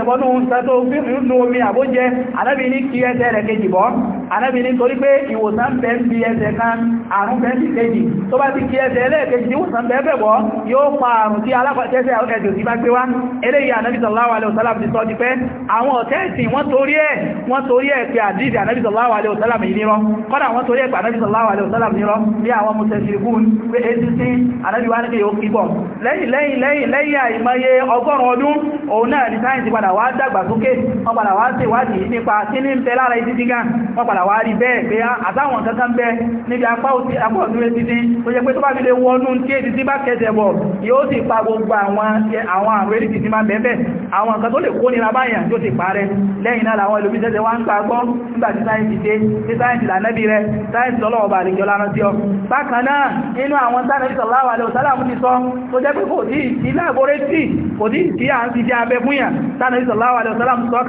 bọ́nú tó nù omi àbójẹ anábì ní kí ẹsẹ̀ rẹ̀ kejì bọ́ anábì ní torí pé ìwòsàn bẹ́ẹ̀ ń bí ẹsẹ̀ kan àrùn bẹ́ẹ̀ sì kejì tó bá ti kí ẹsẹ̀ ẹlẹ́ẹ̀kejì tí ìwòsàn bẹ́ẹ̀ bẹ̀ bọ́ yóò pa àrùn tí alákọ̀ọ́tẹ́sẹ̀ ẹ̀dùn sí bá gbé wá eléyìí anábì sallallahu alaihi wasallam ti sọ ti pẹ́ àwọn ọ̀tẹ́ ìsìn wọ́n torí ẹ̀ wọ́n torí ẹ̀ pé àdíjì anábì sallallahu alaihi wasallam yìí nírọ́ kọ́dà wọ́n torí ẹ̀ pé anábì sallallahu alaihi wasallam nírọ́ bí àwọn mùsẹ̀sìrìkún pé èsì sí anábì wá ní kí yóò kíbọ̀ lẹ́yìn lẹ́yìn lẹ́yìn lẹ́yìn àìmọye ọgọ́rùn-ún ọdún òun náà ní sáyẹ̀nsì padà wá dàgbà sókè wọ́n padà wá sí ìwádìí nípa kí ní ń bẹ lára ìdí dígá wọ́n padà wá rí bẹ́ẹ̀ pé àtàwọn kankan bẹ níbi apá òsì apá òsì rẹ̀ títí tó jẹ́ pé tó bá fi lè wọnú tí èdè tí bá kẹsẹ̀ bọ̀ yóò sì pa gbogbo àwọn àwọn àrùn èdè títí máa bẹ̀ẹ̀ àwọn nǹkan tó lè kó nira báyàn yóò sì parẹ́ lẹ́yìn náà làwọn ẹlòmí tẹ́tẹ́ wá ń gbà gbọ́ nígbà tí sáyẹ̀nsì dé tí sáyẹ̀nsì lànẹ́bí rẹ sáyẹ̀nsì lọ́lọ́wọ́ bà lè jọlá rántí ọ bákan náà inú àwọn sáyẹ̀nsì sọ̀láwà lè òsálàmù ti sọ tó jẹ́ pé kò tí ì sí láàgbóré tí kò tí ì sí à ń fi jẹ́ abẹ́ fúnyà sáyẹ̀nsì sọ̀láwà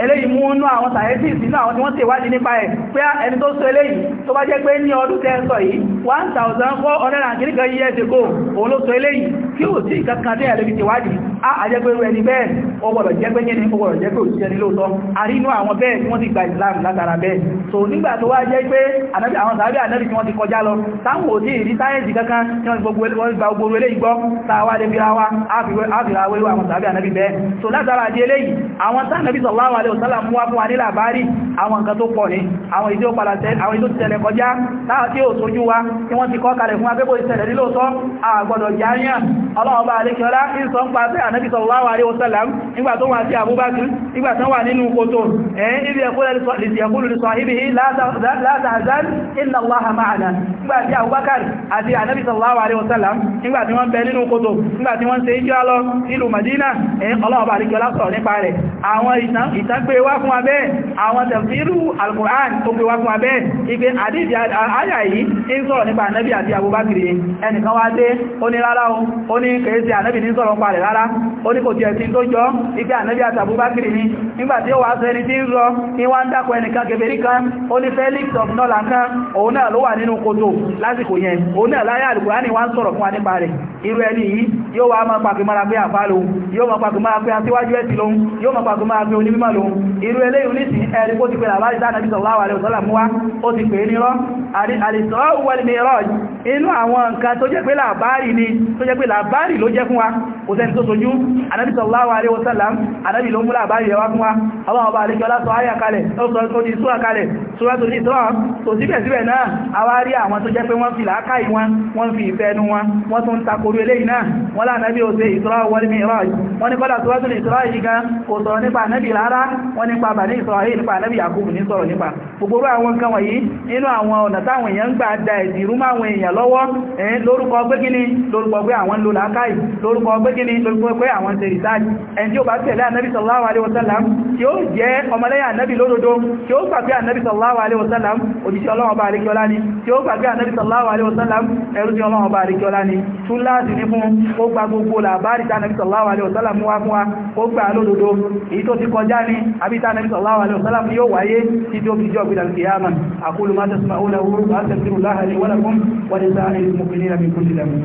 eléyìí mú nú àwọn scientists nínú àwọn tí wọ́n ti wádìí nípa ẹ̀ pé ẹni tó sọ eléyìí tó bá jẹ́ pé ní ọdún tẹ́ sọ yìí 1400 kìríkà years ago òun ló sọ eléyìí kí ò sí ìkankan tí ẹ̀lẹ́bí ti wádìí a àjẹ́ pé ẹni bẹ́ẹ̀ ó gbọ́dọ̀ jẹ́ pé yẹni ó gbọ́dọ̀ jẹ́ pé òṣìṣẹ́ ní lóòótọ́ a rí inú àwọn bẹ́ẹ̀ tí wọ́n ti gba Islam látara bẹ́ẹ̀ so nígbà tó wá jẹ́ pé àwọn sàbí ànábì tí wọ́n ti kọjá lọ táwọn ò sí ìrí sáyẹ́ǹsì kankan tí wọ́n ti gba gbogbo eléyìí gbọ́ táwa lè fi ra wa á fi ra wẹ́wọ́ àwọn sàbí ànábì bẹ́ẹ̀ so látara di eléyìí àwọn sáà alaihi wasallam mú wá fún wa ní làbárì àwọn nǹkan tó pọ̀ ní àwọn ìdí ó padà àwọn ìdí ó tẹ̀lẹ̀ kọjá láwọn tí ó sojú wa tí wọ́n ti kọ́ kalẹ̀ fún agbébò ìṣẹ̀lẹ̀ nílòótọ́ àgbọ̀dọ̀ jáyàn ọlọ́run bá alékiọlá ń sọ ń pa pé ànábì sallallahu alaihi wasallam nígbà tó wà sí àbúbákí nígbà tán wà nínú kòtò ẹ̀yìn ibi ẹ̀kúrẹ́ lè sọ ibi látàzán inna Allaha ma'ana nígbà tí àbúbákàrí àti ànábì sallallahu alaihi wasallam nígbà tí wọ́n bẹ nínú kòtò nígbà tí wọ́n ṣe ìjọ́ lọ sílùú Madina ẹ̀yìn ọlọ́run bá alékiọlá sọ nípa àwọn ìtàn tàbí wá fún abẹ́ àwọn tafsiru al-Qur'an tó gbé wá fún abẹ́ ipé àdíjì àyà yìí ń sọ̀rọ̀ nípa ànábì àti àbúbákiri ẹnìkan wá dé ó ní rárá o ó ní kèése ànábì ní sọ̀rọ̀ parẹ̀ rárá ó ní kò ti ẹ̀sìn tó jọ ipé ànábì àti àbúbákiri ni nígbàtí ó wá sọ ẹni tí ń rọ ní wá ń dákọ ẹnìkan kèfèrí kan ó ní Felix of Nolan irú ẹni yìí yóò wá máa pàkì mara pé àfáà lòun yóò máa pàkì mara pé asíwájú ẹ̀sìn lòun yóò máa pàkì mara pé onímọ̀ eléyìí irú eléyìí ní sí ẹ̀rí kó ti pẹ̀lú àwárí sáà nàbí sallallahu alaihi wasallam wá ó ti pè ní rọ́ al-Isra wal Mi'raj inú àwọn nǹkan tó jẹ́ pé làbárì ni tó jẹ́ pé làbárì ló jẹ́ fún wa kò sẹ́ni tó sojú anábì sallallahu alaihi wasallam anábì ló mú làbárì rẹ̀ wá fún wa ọlọ́run ọba àlejò aláṣọ ayà kalẹ̀ ó sọ ó di súra kalẹ̀ súra tó ní ìsọ́rọ̀ tó síbẹ̀síbẹ̀ náà a wá rí àwọn tó jẹ́ pé wọ́n fi làákàì wọn wọ́n fi ìfẹ́ ẹnu wọn wọ́n tún takoru eléyìí náà wọ́n lá anábì ó ṣe Isra wal Mi'raj wọ́n ní kọ́lá súra tó wọ́n nípa Bani Israel nípa anábì Yakubu ní sọ̀rọ̀ nípa gbogbo àwọn nǹkan wọ̀nyí nínú àwọn ọ̀nà táwọn èèyàn ń gbà da ìdìrú máwọn èèyàn lọ́wọ́ ẹ̀yìn lórúkọ pé kíní lórúkọ pé àwọn ló làákàyè lórúkọ pé kíní lórúkọ pé àwọn ṣe rìsáàjì ẹni tí ó bá tẹ̀lé ànábì sallallahu alaihi wasallam tí ó jẹ́ ọmọlẹ́yìn ànábì lódodo tí ó gbà pé ànábì sallallahu alaihi wasallam òjíṣẹ́ ọlọ́run ọba àríkíọlá ni tí ó gbà pé ànábì sallallahu alaihi wasallam ẹrú tí ọlọ́run ọba àríkíọlá ni túláàsì ní fún ó gba gbogbo làbárìta ànábì sallallahu alaihi wasallam wá fún wa ó gbà lódodo èyí tó ti kọjá ni àbí tá nàbí sallallahu alaihi wasallam yóò wáyé tí tó fi jọ gbìdàn kìyàmà àkúlù máa tasma'una wa astaghfirullaha li wa lakum wa lisa'iril mu'minina min kulli dhanbin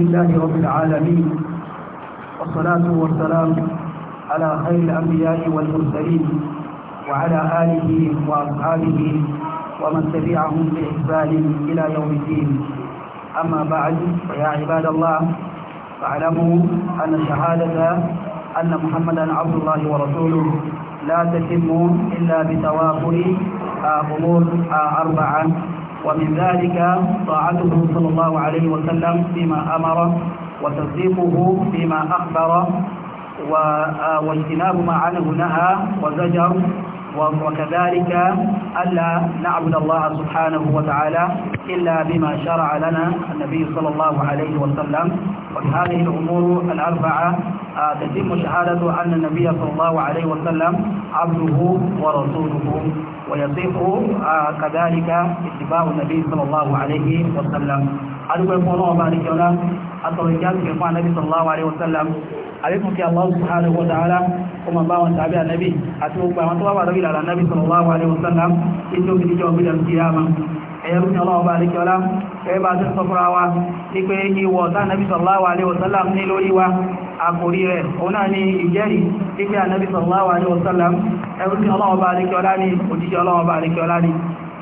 لله رب العالمين والصلاة والسلام على خير الأنبياء والمرسلين وعلى آله وأصحابه ومن تبعهم بإحسان إلى يوم الدين أما بعد فيا عباد الله فاعلموا أن شهادة أن محمدا عبد الله ورسوله لا تتم إلا بتوافر أمور أربعة ومن ذلك طاعته صلى الله عليه وسلم فيما أمر وتصديقه فيما أخبر آه، واجتناب ما عنه نهى وزجر وكذلك ألا نعبد الله سبحانه وتعالى إلا بما شرع لنا النبي صلى الله عليه وسلم وبهذه الأمور الأربعة آه، تتم شهادة أن النبي صلى الله عليه وسلم عبده ورسوله ويصيب كذلك اتباع النبي صلى الله عليه وسلم أدوك الله بارك ولا أترجاك كفاء النبي صلى الله عليه وسلم عليكم في الله سبحانه وتعالى وما باوا تابع النبي أتوقع ما تبع النبي صلى الله عليه وسلم إنه في جواب القيامة ẹ̀yẹ̀rú ni ọlọ́wọ́ bá alékẹ́ ọlá ẹ̀yẹ́ bá ti sọ fúnra wa ní pé ìwọ̀ tá nàbí sallallahu alaihi wasallam ní lórí wa àkòrí rẹ̀ òun náà ni ìjẹ́rìí ní pé ànàbí sallallahu alaihi wasallam ẹ̀rú ni ní òjíṣẹ́ ọlọ́wọ́ bá ní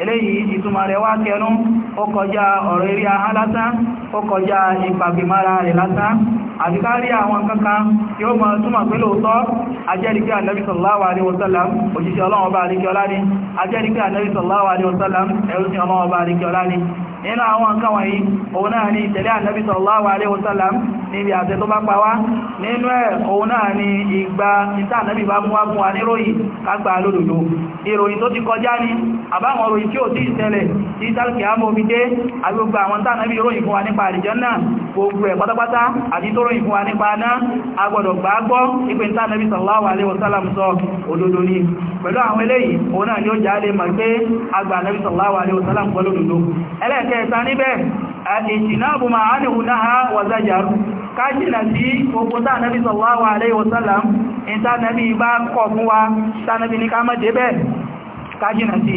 eléyìí ìtumọ̀ rẹ̀ wá kẹnu ó kọjá ọ̀rọ̀ eré ahá lásán ó kọjá ìpàgbìmára rẹ̀ lásán àti kárí àwọn kankan tí ó mọ̀ túnmọ̀ pé lóòótọ́ ajẹ́rìkí ànábì wasallam òjíṣẹ́ ọlọ́wọ́ bá àríkẹ́ ọlá ní ajẹ́rìkí ànábì wasallam ẹ̀rùsìn ọlọ́wọ́ bá àríkẹ́ ọlá ní nínú àwọn nǹkan wọ̀nyí òun náà wasallam níbi àṣẹ tó bá pa wá nínú ẹ̀ òun náà ni ìgbà ìta ànábì bá mú wá fún wa níròyìn kágbà lódòdó ìròyìn tó ti kọjá ni àbáwọn tí ó sí ìṣẹ̀lẹ̀ tí sálùkì àmọ́ omi dé agbègbè àwọn tánà bí ròyìn fún wa nípa àlìjọ́nà gbogbo ẹ̀ pátápátá àti tó ròyìn fún wa nípa aná agbọ́dọ̀ gbàgbọ́ ipé tánà bí sallallahu alaihi wasallam sọ òdodo ni pẹ̀lú àwọn eléyìí òun náà ni ó jáde mọ̀ pé agbà nabi sallallahu alaihi wasallam pẹ̀lú òdodo ẹlẹ́ẹ̀kẹta níbẹ̀ ìjìnàbù ma a ní hunáha wà zájàrù kájìnà sí gbogbo tánàbí sallallahu alaihi wasallam in tánàbí bá kọ̀ fún wa tánàbí ní ká mọ́ jẹ́ bẹ́ẹ̀ kájìnà sí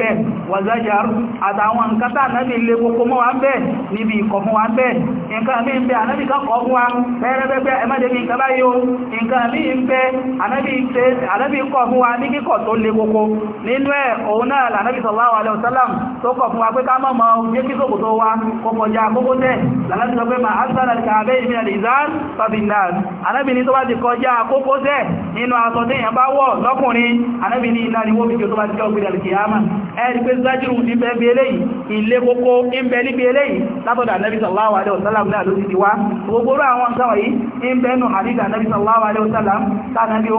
bẹ́ wàzájàr àtàwọn nǹkan tá ànábì lè kókó mọ́ wa ń bẹ́ níbi ìkọ̀ fún wa ń bẹ́ nǹkan mi ń bẹ ànábì kan kọ́ fún wa pẹ́rẹ́pẹ́pẹ́ ẹ má débi nǹkan báyìí o nǹkan mi ń bẹ ànábì kọ́ fún wa ní kíkọ̀ tó lè kókó nínú ẹ̀ òun náà lànábì sallallahu alaihi wasallam tó kọ̀ fún wa pé ká mọ̀ mọ́ yé kí sòkòtò wa kó kọjá kókó tẹ̀ lànábì sọ pé mà ni wọ́n fi kí o tó bá ẹ̀rí pé zájírù ní bẹ́ẹ̀bẹ̀ eléyìí ilé kókó ń bẹ níbi eléyìí látọ̀dà Nabi sallallahu alaihi wasallam náà ló ti ti wá gbogbo àwọn sáwọ̀ yìí ń bẹ́ẹ̀nù hadith Nabi sallallahu alaihi wasallam tánà bí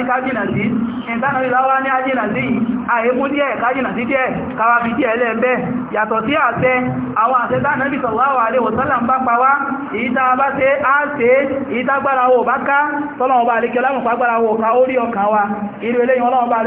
ní kájìnà sí ìtànàrí láwá ní ájìnà sí àyíkú díẹ̀ kájìnà sí díẹ̀ káwàbí díẹ̀ lẹ́ẹ̀bẹ́ yàtọ̀ sí àṣẹ àwọn àṣẹ tánàbí sallallahu alaihi wasallam bá pa wá ìta bá ṣe á ṣe ìtagbára wò bá ká tọ́lọ̀wọ̀ bá alẹ́kẹ́ láwọn pàgbára wò ká ó rí ọkàn wa irú eléyìn ọlọ́wọ̀ bá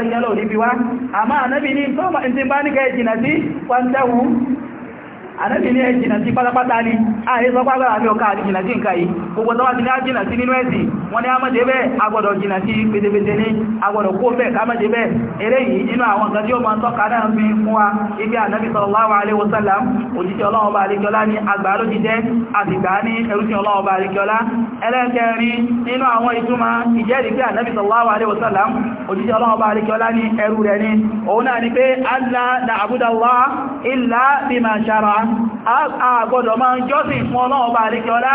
àdábì ní ẹjìnà sí pátápátá ní àìsọ pàgbàrà ní ọkà àdìjìnà sí nǹkan yìí gbogbo tó wá ti ní àjìnà sí nínú ẹ̀sìn wọn ni a mọ́ jẹ́ bẹ́ẹ̀ agbọ́dọ̀ jìnà sí pètèpètè ní agbọ́dọ̀ kó bẹ́ẹ̀ ká mọ́ jẹ́ bẹ́ẹ̀ eré yìí nínú àwọn nǹkan tí ó máa tọ́ka náà fi fún wa ibi ànábì sallallahu alaihi wasallam òjíṣẹ́ ọlọ́run ọba àríkọlá ní àgbà ló ti jẹ́ àtìgbà ní ẹrúsìn ọlọ́run ọba pé ànábì sallallahu alaihi wasallam òjíṣẹ́ ọlọ́run ọba àríkọlá àgbọ́dọ̀ máa ń jọ́sìn fún ọlọ́run bá àríkẹ́ọlá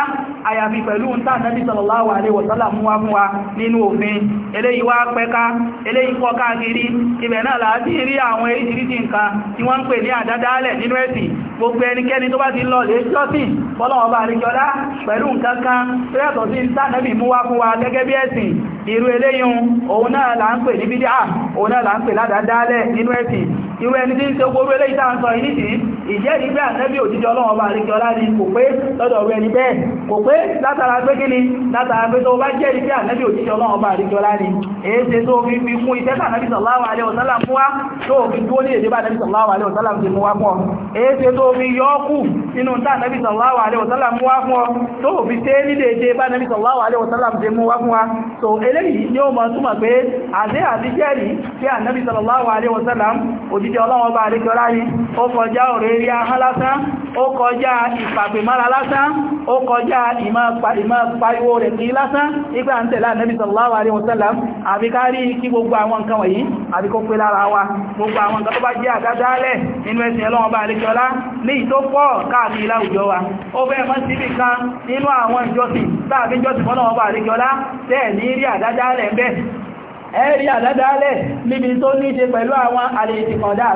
àyàfi pẹ̀lú ń tàà nẹ́bí sallallahu alaihi wasallam mú wá fún wa nínú òfin eléyìí wá pẹ́ká eléyìí pọ́ káàkiri ibẹ̀ náà láti rí àwọn eríṣiríṣi nǹkan tí wọ́n ń pè ní àdádálẹ̀ nínú ẹ̀sìn gbogbo ẹnikẹ́ni tó bá ti lọ lè jọ́sìn fọ́lọ́wọ́ bá àríkẹ́ọlá pẹ̀lú nǹkan kan tó yàtọ̀ sí ń tàà nẹ́bí mú wá fún wa gẹ́gẹ́ bí ẹ̀sìn irú eléyìn òun náà là ń pè ní bídíà òun náà là ń pè ládàádálẹ̀ nínú ẹ̀sìn irú ẹni tí ń ṣe gbogbo eléyìí tàà ń sọ ìníṣìí ìjẹ́ ìgbẹ́ ànẹ́bí òjíjọ ọlọ́wọ́ bá àríkẹ́ ọlá ní kò pé lọ́dọ̀ rẹ̀ ní bẹ́ẹ̀ kò pé látara pé kí ni látara pé tó bá jẹ́ ìpé ànẹ́bí òjíjọ ọlọ́wọ́ bá àríkẹ́ ọlá ní èéṣe tó fi fi kún iṣẹ́ tànàbí sallallahu alaihi wasallam fún wa tó fi dúó ní èdè bá ànẹ́bí sallallahu alaihi wasallam ti mú wa fún ọ èéṣe tó fi yọ kù nínú tànàbí sallallahu alaihi wasallam mú wa fún ọ tó fi sallallahu alaihi wasallam ti mú so eléyìí ni ó mọ̀ túmọ̀ pé àti sallallahu alaihi wasallam òjíjọ ọlọ́wọ́ bá àríkẹ́ ọlá ní lásán ó kọjá ìpàpèmára lásán ó kọjá ìmọ̀ pariwo rẹ̀ kí lásán nígbà ń tẹ̀lá nẹ́bí sallallahu alaihi wasallam àbí kárí kí gbogbo àwọn nǹkan wọ̀nyí àbí kó pé lára wa gbogbo àwọn nǹkan tó bá jẹ́ àdádálẹ̀ nínú ẹ̀sìn Ọlọ́run bá àríkọlá ní ìtó pọ̀ káàkiri láwùjọ wa ó bẹ́ẹ̀ mọ́ síbì kan nínú àwọn ẹ̀rí àdádálẹ̀ níbi tó ní ṣe pẹ̀lú àwọn àlèṣìkọ̀dá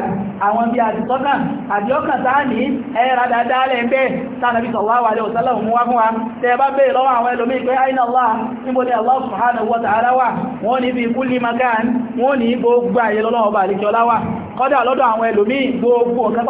àwọn bí àtìsọ́nà àti ọkàn tàà ní ẹ̀rà dáadáalẹ̀ ń bẹ́ tánàbí sallallahu alaihi wasallam mú wá fún wa tẹ bá bèèrè lọ́wọ́ àwọn ẹlòmí kọ́dá lọ́dọ̀ àwọn ẹlòmí gbogbo ọ̀kan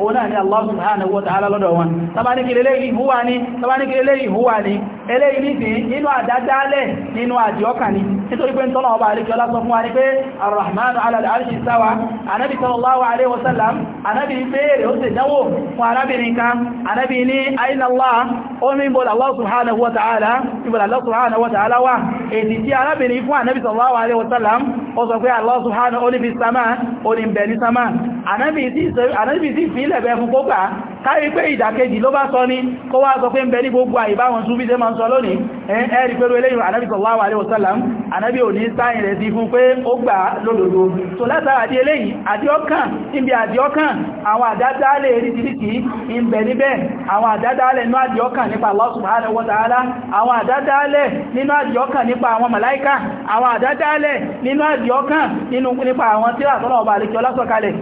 òun náà ni Allah subhanahu wa ta'ala lọ́dọ̀ wọn tàbáníkìlẹ̀ lẹ́yìn ìhúwà ni ni eléyìí nìsìn nínú àdádálẹ̀ nínú àdíọ́kà ni nítorí pé ń tọ́lọ̀ ọba àríkẹ́ ọlá sọ fún wa ní pé arrahman alàlàáṣì sáwà anábi sallallahu alaihi wasallam anábi bèèrè ó sì dánwò fún arábìnrin kan anábi ní ainallah omi bọ̀lá Allah subhanahu wa ta'ala ibọ̀lá Allah subhanahu wa ta'ala wà èdè tí arábìnrin fún anábi sallallahu alaihi wasallam ó sọ pé Allah subhanahu olíbi sama olíbẹ̀ni sama anábi sí ìfìlẹ̀ bẹ fún kópa káyí pé ìdàkejì ló bá sọ ní kó wá sọ pé ń bẹ ní gbogbo àìbáwọn súnbí tẹ́ ma ń sọ lónìí ẹ̀ẹ́rì pẹ̀lú eléyìn anábi sallallahu alaihi wasallam ò ní sáà làákàyè rẹ̀ ti fún pé ó gbà lódodo tó látara di eléyìí àdíọ́kàn níbi àdíọ́kàn àwọn àdádálẹ̀ eréjìríkì ń bẹ níbẹ̀ àwọn àdádálẹ̀ nínú àdíọ́kàn nípa Allah subhanahu wa ta'ala àwọn àdádálẹ̀ nínú àdíọ́kàn nípa àwọn màláíkà àwọn àdádálẹ̀ nínú àdíọ́kàn nínú nípa àwọn tírà tọ́nà ọba àlekí ọlásọ̀kalẹ̀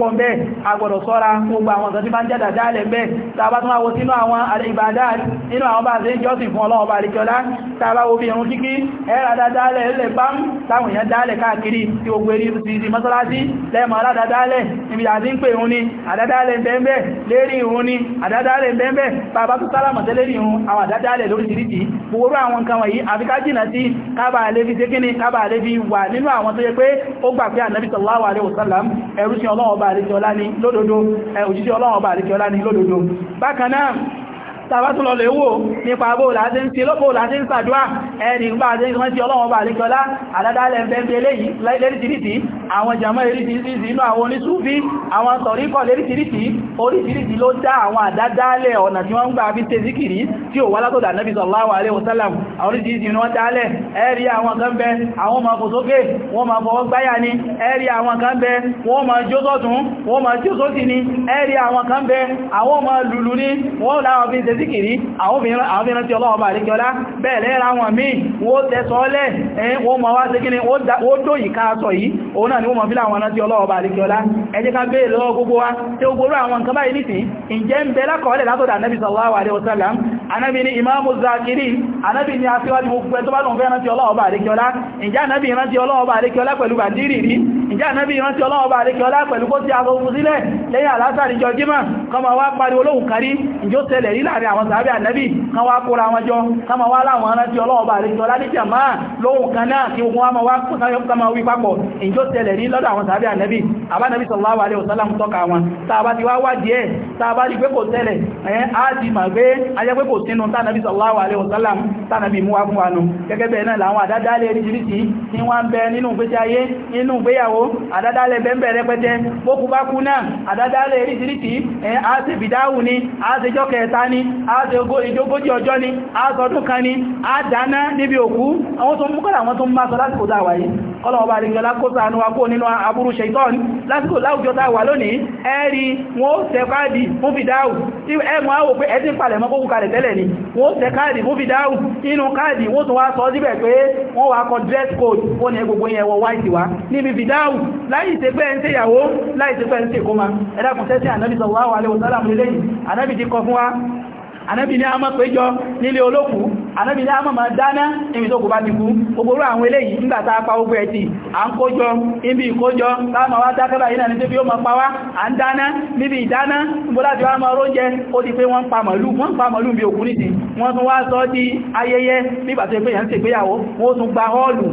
pọ̀ bẹ́ẹ̀ agbọ̀dọ̀ sọ́ra gbogbo àwọn nǹkan tí bá ń jẹ́ àdádálẹ̀ bẹ́ẹ̀ tàbátúnwà sínú àwọn ìbàdá nínú àwọn bá ṣe ń jọ́sìn fún ọlọ́ọ̀bá tàbá obi ẹ̀rùn kíkí ẹ̀rà dáadáalẹ̀ ẹ̀lẹ̀ bá ń táwọn èèyàn dáalẹ̀ káàkiri tí ó gbèrí ti mọ́sálásí lẹ́mọ̀ aládáadáalẹ̀ níbi àti ń pè ìrun ni àdádáalẹ̀ bẹ́ẹ̀bẹ́ lérí ìrun ni àdádáalẹ̀ bẹ́ẹ̀bẹ́ bàbá tó sálàmọ̀tẹ́ lérí ìrun àwọn àdádáalẹ̀ lóríṣiríṣi gbogbo àwọn nǹkan wọ̀nyí àfi ká jìnà sí kábà àlefi ṣe kíni kábà àlefi wà nínú àwọn tó yẹ pé ó gbà pé ànábì sallallahu alaihi wasallam ẹrú sí ọlọ́wọ́ bá àríkẹ́ ọlá ní lódodo ẹ̀ òjíṣẹ́ ọlọ́wọ́ bá àríkẹ́ ọlá ní lódodo bákan náà tàbátúlọ lè wò nípa bóò láti ń fi lọ́pọ̀ láti ń sàdúwà ẹni bá àti ìwọ́n tí ọlọ́wọ́ bá àríkọlá àdádálẹ̀ ẹ̀fẹ́ lẹ́rìtìrìtì àwọn jàmọ́ lẹ́rìtìrìtì inú àwọn onísúfí àwọn tọ̀ríkọ̀ lẹ́rìtìrìtì oríṣìíríṣìí ló dá àwọn àdádálẹ̀ ọ̀nà tí wọ́n ń gbà fi ṣe zíkìrí tí ò wá látọ̀dà Nábì sallallahu alaihi wasallam àwọn oríṣìíríṣìí ni wọ́n dálẹ̀ ẹ̀rí àwọn kan bẹ àwọn ma fò sókè wọ́n ma fọwọ́ gbáyà ni ẹ̀rí àwọn kan bẹ wọ́n ma jó sọ́tún wọ́n ma jó sósì ni ẹ̀rí àwọn kan bẹ àwọn ma lùlù ni wọ́n láwọn fi ṣe síkìrí àwọn obìnrin tí ọlọ́wọ́ bá àríkẹ́ọlá bẹ́ẹ̀ lẹ́ra wọn míì wọ́n tẹ́sọ́ọ́lẹ̀ wọ́n ma wá sí kí ni ó dóyìí ká sọ yìí òun náà ni wọ́n ma fílà àwọn tí ọlọ́wọ́ bá àríkẹ́ọlá ẹ jẹ́ ká bèèrè lọ́wọ́ gbogbo wa tí ó gbogbo àwọn nǹkan báyìí nìsín ìjẹ́ ń bẹ lákọọ́lẹ̀ látọ̀dà Nabi sallallahu anábi ni imamu zakiri anábi ni aṣíwájú gbogbo tó bá lòun fẹ́ rántí ọlọ́ọ̀bá àríkíọlá ìjá anábi rántí ọlọ́ọ̀bá àríkíọlá pẹ̀lú bàndírì rí ìjá anábi rántí ọlọ́ọ̀bá àríkíọlá pẹ̀lú kó tí a gbogbo sílẹ̀ lẹ́yìn alásàrí jọ jímọ̀ kọmọ wá pariwo lóhùn kárí ìjó tẹ̀lẹ̀ rí láàrin àwọn sàábẹ̀ ànábì kan wá kóra wọn jọ kọmọ wá láwọn rántí ọlọ́ọ̀bá àríkíọlá ní jàmá lóhùn kan náà kí ogun wá kọmọ wí papọ̀ ìjó tẹ̀lẹ̀ rí lọ́dọ̀ àwọn sàábẹ̀ ànábì àbánàbí sallallahu alaihi wasallam tọ́ka wọn tàbá ti wá wá díẹ̀ tàbá rí pé kò tẹ̀lẹ̀ á ti mà gbé ayẹ́ pé kò nínú tánàbí sallallahu alaihi wasallam tánàbí mú wá fún wa nù gẹ́gẹ́ bẹ̀rẹ̀ náà làwọn àdádálẹ̀ oríṣiríṣi tí wọ́n ń bẹ nínú ìgbésí ayé nínú ìgbéyàwó àdádálẹ̀ bẹ́ẹ̀ rẹpẹtẹ bókú bá kú náà àdádálẹ̀ oríṣiríṣi a ṣe bìdáhù ni a ṣe jọ́ kẹta ni a ṣe ìjógójì ọjọ́ ni a ṣọdún kan ni a dáná níbi òkú àwọn tó mú kọ́lá àwọn tó ń bá sọ lásìkò kọ́lọ̀wọ́ bá rí jọlá kó sàánú wa kó nínú aburú ṣeitọ́n lásìkò láwùjọ tá wà lónìí ẹ̀rí wọn ó tẹ káàdì fún fìdáhù tí ẹmọ àwò pé ẹ ti ń palẹ̀ mọ́ kókù kalẹ̀ tẹ́lẹ̀ ni wọn ó tẹ káàdì fún fìdáhù inú káàdì wọn tún wá sọ síbẹ̀ pé wọ́n wá kọ dress code wọ́n ní gbogbo yẹn wọ white wá níbi fìdáhù láì ṣe pé ẹn tẹ́yàwó láì ṣe pé ẹn tẹ́kọ́mà ẹ̀dàkùn tẹ́sí ànábì sallallahu alaihi anábì ní a máa péjọ nílé olókù anábì ní a máa dáná níbi tó kò bá ti kú ogoro àwọn eléyìí nígbàtà apá ogun ẹ̀tì à ń kójọ níbi ìkójọ láàmà wá dákẹ́bà yìí náà ní tó bí ó máa pàwá à ń dáná níbi ìdáná níbọ́láti wá máa róúnjẹ ó ti pé wọ́n pa màlúù wọ́n pa màlúù bí òkú nìtì wọ́n tún wá sọ di ayẹyẹ nígbàtí pé yàn ń ṣègbéyàwó wọ́n tún gba họ́ọ̀lù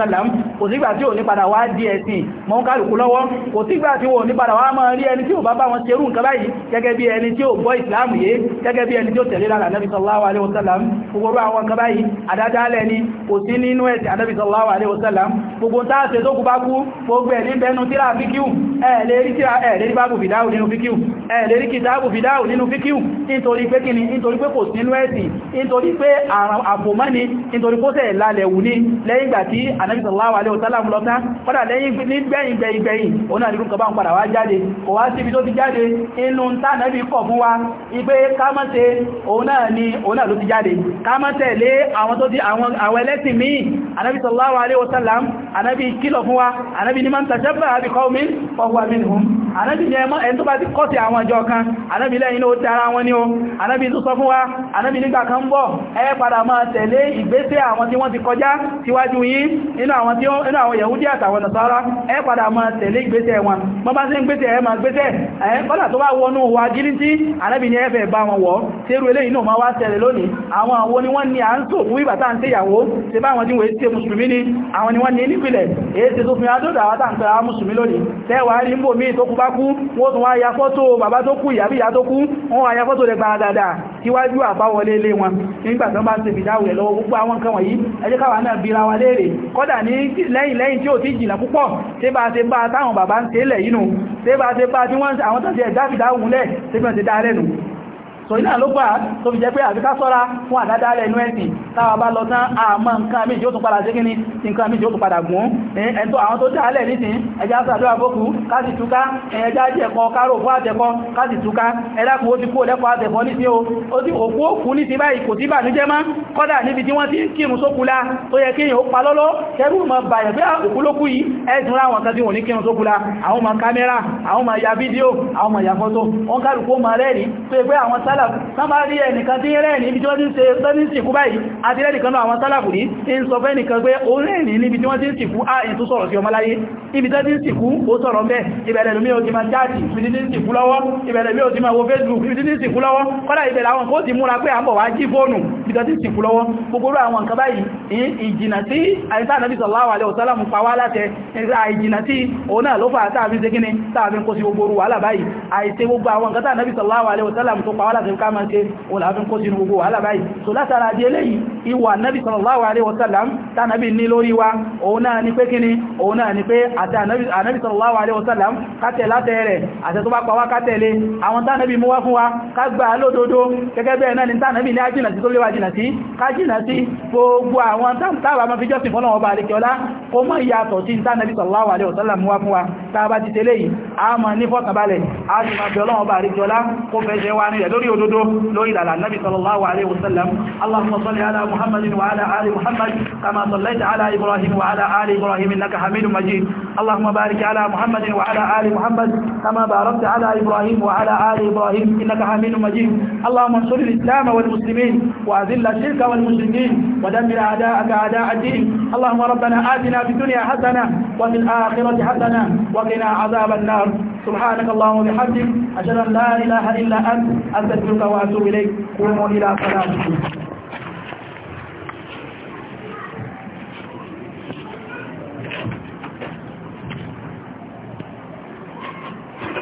wasallam kò sígbà tí ò ní padà wá di ẹ̀sìn mọ́ ń kálùkù lọ́wọ́ kò sígbà tí ò ní padà wá máa rí ẹni tí ò bá bá wọn ṣerú nǹkan báyìí gẹ́gẹ́ bí ẹni tí ò gbọ́ ìsìláàmù yé gẹ́gẹ́ bí ẹni tí ó tẹ̀lé lára Ànábì sallallahu alaihi wasallam gbogbo àwọn nǹkan báyìí àdádálẹ̀ ni kò sí nínú ẹ̀sìn Ànábì sallallahu alaihi wasallam gbogbo ń táà ṣe tó kú bá kú gbogbo ẹ̀ ní bẹnu tíra fíkíù ẹ̀ẹ̀lérí tíra ẹ̀ẹ̀lérí bábù fìdáhù nínú fíkíù ẹ̀ẹ̀lérí kìtàbù fìdáhù nínú fíkíù nítorí pé kíni nítorí pé kò sínú ẹ̀sìn nítorí pé àfòmọ́ni nítorí pé ó tẹ̀ lẹ́yìn ìgbà tí ànábì sallallahu alaihi wasallam lọ́tá padà lẹ́yìn nígbẹ̀yìn gbẹ̀yìn gbẹ̀yìn òun náà ní kọ́bá ń padà wá jáde kò wá síbi tó ti jáde inú tánàbí kọ̀ ni òun náà ló ti jáde kámọ́tẹ̀ lé àwọn tó ti àwọn ẹlẹ́sìn míì ànábì sallallahu alaihi wasallam ànábì kìlọ̀ fún wa ànábì ní man tashabbaha bi qawmin fahuwa minhum ànábì ní ẹmọ́ ẹni tó bá ti kọ́ sí àwọn ọjọ́ kan ànábì lẹ́yìn ó tara wọn ní o ànábì tó sọ fún wa ànábì nígbà kan ń bọ̀ ẹ padà máa tẹ̀lé ìgbésẹ̀ àwọn tí wọ́n ti kọjá síwájú yín inú àwọn yẹ̀húdí àtàwọn nàtàrà ẹ padà máa tẹ̀lé ìgbésẹ̀ wọn bọ́n bá sí ń gbésẹ̀ ẹ máa gbésẹ̀ ẹ kọ́lá tó bá wọnú wa gíríntí anábì ní ẹfẹ́ bá wọn wọ́ tí eré eléyìí náà máa wá tẹ̀lé lónìí àwọn àwọn ni wọ́n ní à ń sòkú ìgbà tá ń tẹ ni àwọn ni wọ́n ní nípìnlẹ̀ ètè tó fi adódà wá tàǹtà àwọn mùsùlùmí lónìí tẹ́wàá rí ń bò míì tó ya fọ́tò bàbá tó kú ìyàbí ìyá tó kú wọ́n wá ya fọ́tò wa léèrè kọ́d kódà ní lẹ́yìn lẹ́yìn tí ó ti jìnà púpọ̀ tí bá ṣe bá táwọn bàbá ń tẹ́lẹ̀ yínú tí bá ṣe bá tí wọ́n àwọn tàbí ẹ̀dáfìdáhùn lẹ́ tí wọ́n ti dá lẹ́nu so iná ló gbà tó fi jẹ́ pé àfikà sọ́ra fún àdádá lẹ́nu ẹ̀sìn táwa bá lọ tán àmọ́ nǹkan méjì ó tún padà sí kíní tí nǹkan méjì ó tún padà gùn ẹ̀ntọ́ àwọn tó dálẹ̀ nítìn ẹjá sàdúrà bókú káàsì túká ẹjá jẹ̀kọ káró fún àtẹ̀kọ káàsì túká ẹ̀dàkùn ó ti kú ọ̀dẹ́kọ̀ àtẹ̀kọ ní sí o ó ti òkú òkú ní ti báyìí kò tí bà ní jẹ́ mọ́ kọ́dà níbi tí ah, ya fídíò àwọn ọmọ ya fọ́tò wọn kálukú mọ rẹ́ẹ̀rí tó yẹ sálàfù sánbà rí ẹnìkan tí rẹ̀ ní ibi tí wọ́n ti ń ṣe tọ́ní sìnkú báyìí àti rẹ̀nìkan náà àwọn sálàfù ní ń sọ fẹ́ nìkan pé ó rẹ̀ ní níbi tí wọ́n ti ń sìnkú á ẹ̀ tó sọ̀rọ̀ sí ọmọ láyé ibi tẹ́ ti ń sìnkú ó sọ̀rọ̀ mẹ́ ìbẹ̀rẹ̀ lómi ó ti máa jáàtì ibi tí ń sìnkú lọ́wọ́ ìbẹ̀rẹ̀ mi o ti máa wo facebook ibi tí ń sìnkú lọ́wọ́ kọ́lá ìbẹ̀rẹ̀ àwọn kó ti múra pé à ń bọ̀ wá jí fóònù ibi tẹ́ ti ń sìnkú lọ́wọ́ gbogbo àwọn nǹkan báyìí ìjìnà tí àìsàn ànábì sallallahu alaihi wasallam pa wá láti àìjìnà tí òun náà ló fà á tàbí ṣe kíni tàbí kó sí gbogbo orú wàhálà báyìí àìsẹ gbogbo àwọn nǹkan tàbí sallallahu alaihi wasallam tó pa wá láti ká máa ṣe òun kó sínú gbogbo wàhálà báyìí so látara di eléyìí ìwà nabi sallallahu alaihi wasallam tánàbí ní lórí wa òun náà ni pé kíni òun náà ni pé àti ànábì sallallahu alaihi wasallam kátẹ̀ látẹ̀ rẹ̀ àti tó bá pa wá kátẹ̀ àwọn tánàbí mú wá fún wa ká gbà lódodo gẹ́gẹ́ bẹ́ẹ̀ náà ni tánàbí ní ájìnà sí tó léwà jìnà sí ká jìnà sí gbogbo àwọn tábà máa fi jọ́sìn fọ́nà ọba àríkẹ́ọlá kó mọ́ ìyàtọ̀ sí tánàbí sallallahu alaihi wasallam mú wá fún wa tábà ti tẹ́lẹ̀ yìí a mọ̀ ní fọ́kànbalẹ̀ a sì máa fi ọlọ́run ọba àríkẹ́ọlá kó fẹ́ ṣe wá nílẹ̀ يوجده لويل على النبي صلى الله عليه وسلم اللهم صل على محمد وعلى آل محمد كما صليت على إبراهيم وعلى آل إبراهيم إنك حميد مجيد اللهم بارك على محمد وعلى آل محمد كما باركت على إبراهيم وعلى آل إبراهيم إنك حميد مجيد اللهم انصر الإسلام والمسلمين وأذل الشرك والمشركين ودمر أعداءك أعداء الدين اللهم ربنا آتنا في الدنيا حسنة وفي الآخرة حسنة وقنا عذاب النار سبحانك اللهم وبحمدك أشهد أن لا إله إلا أنت أستغفرك وأتوب إليك قوموا إلى صلاتكم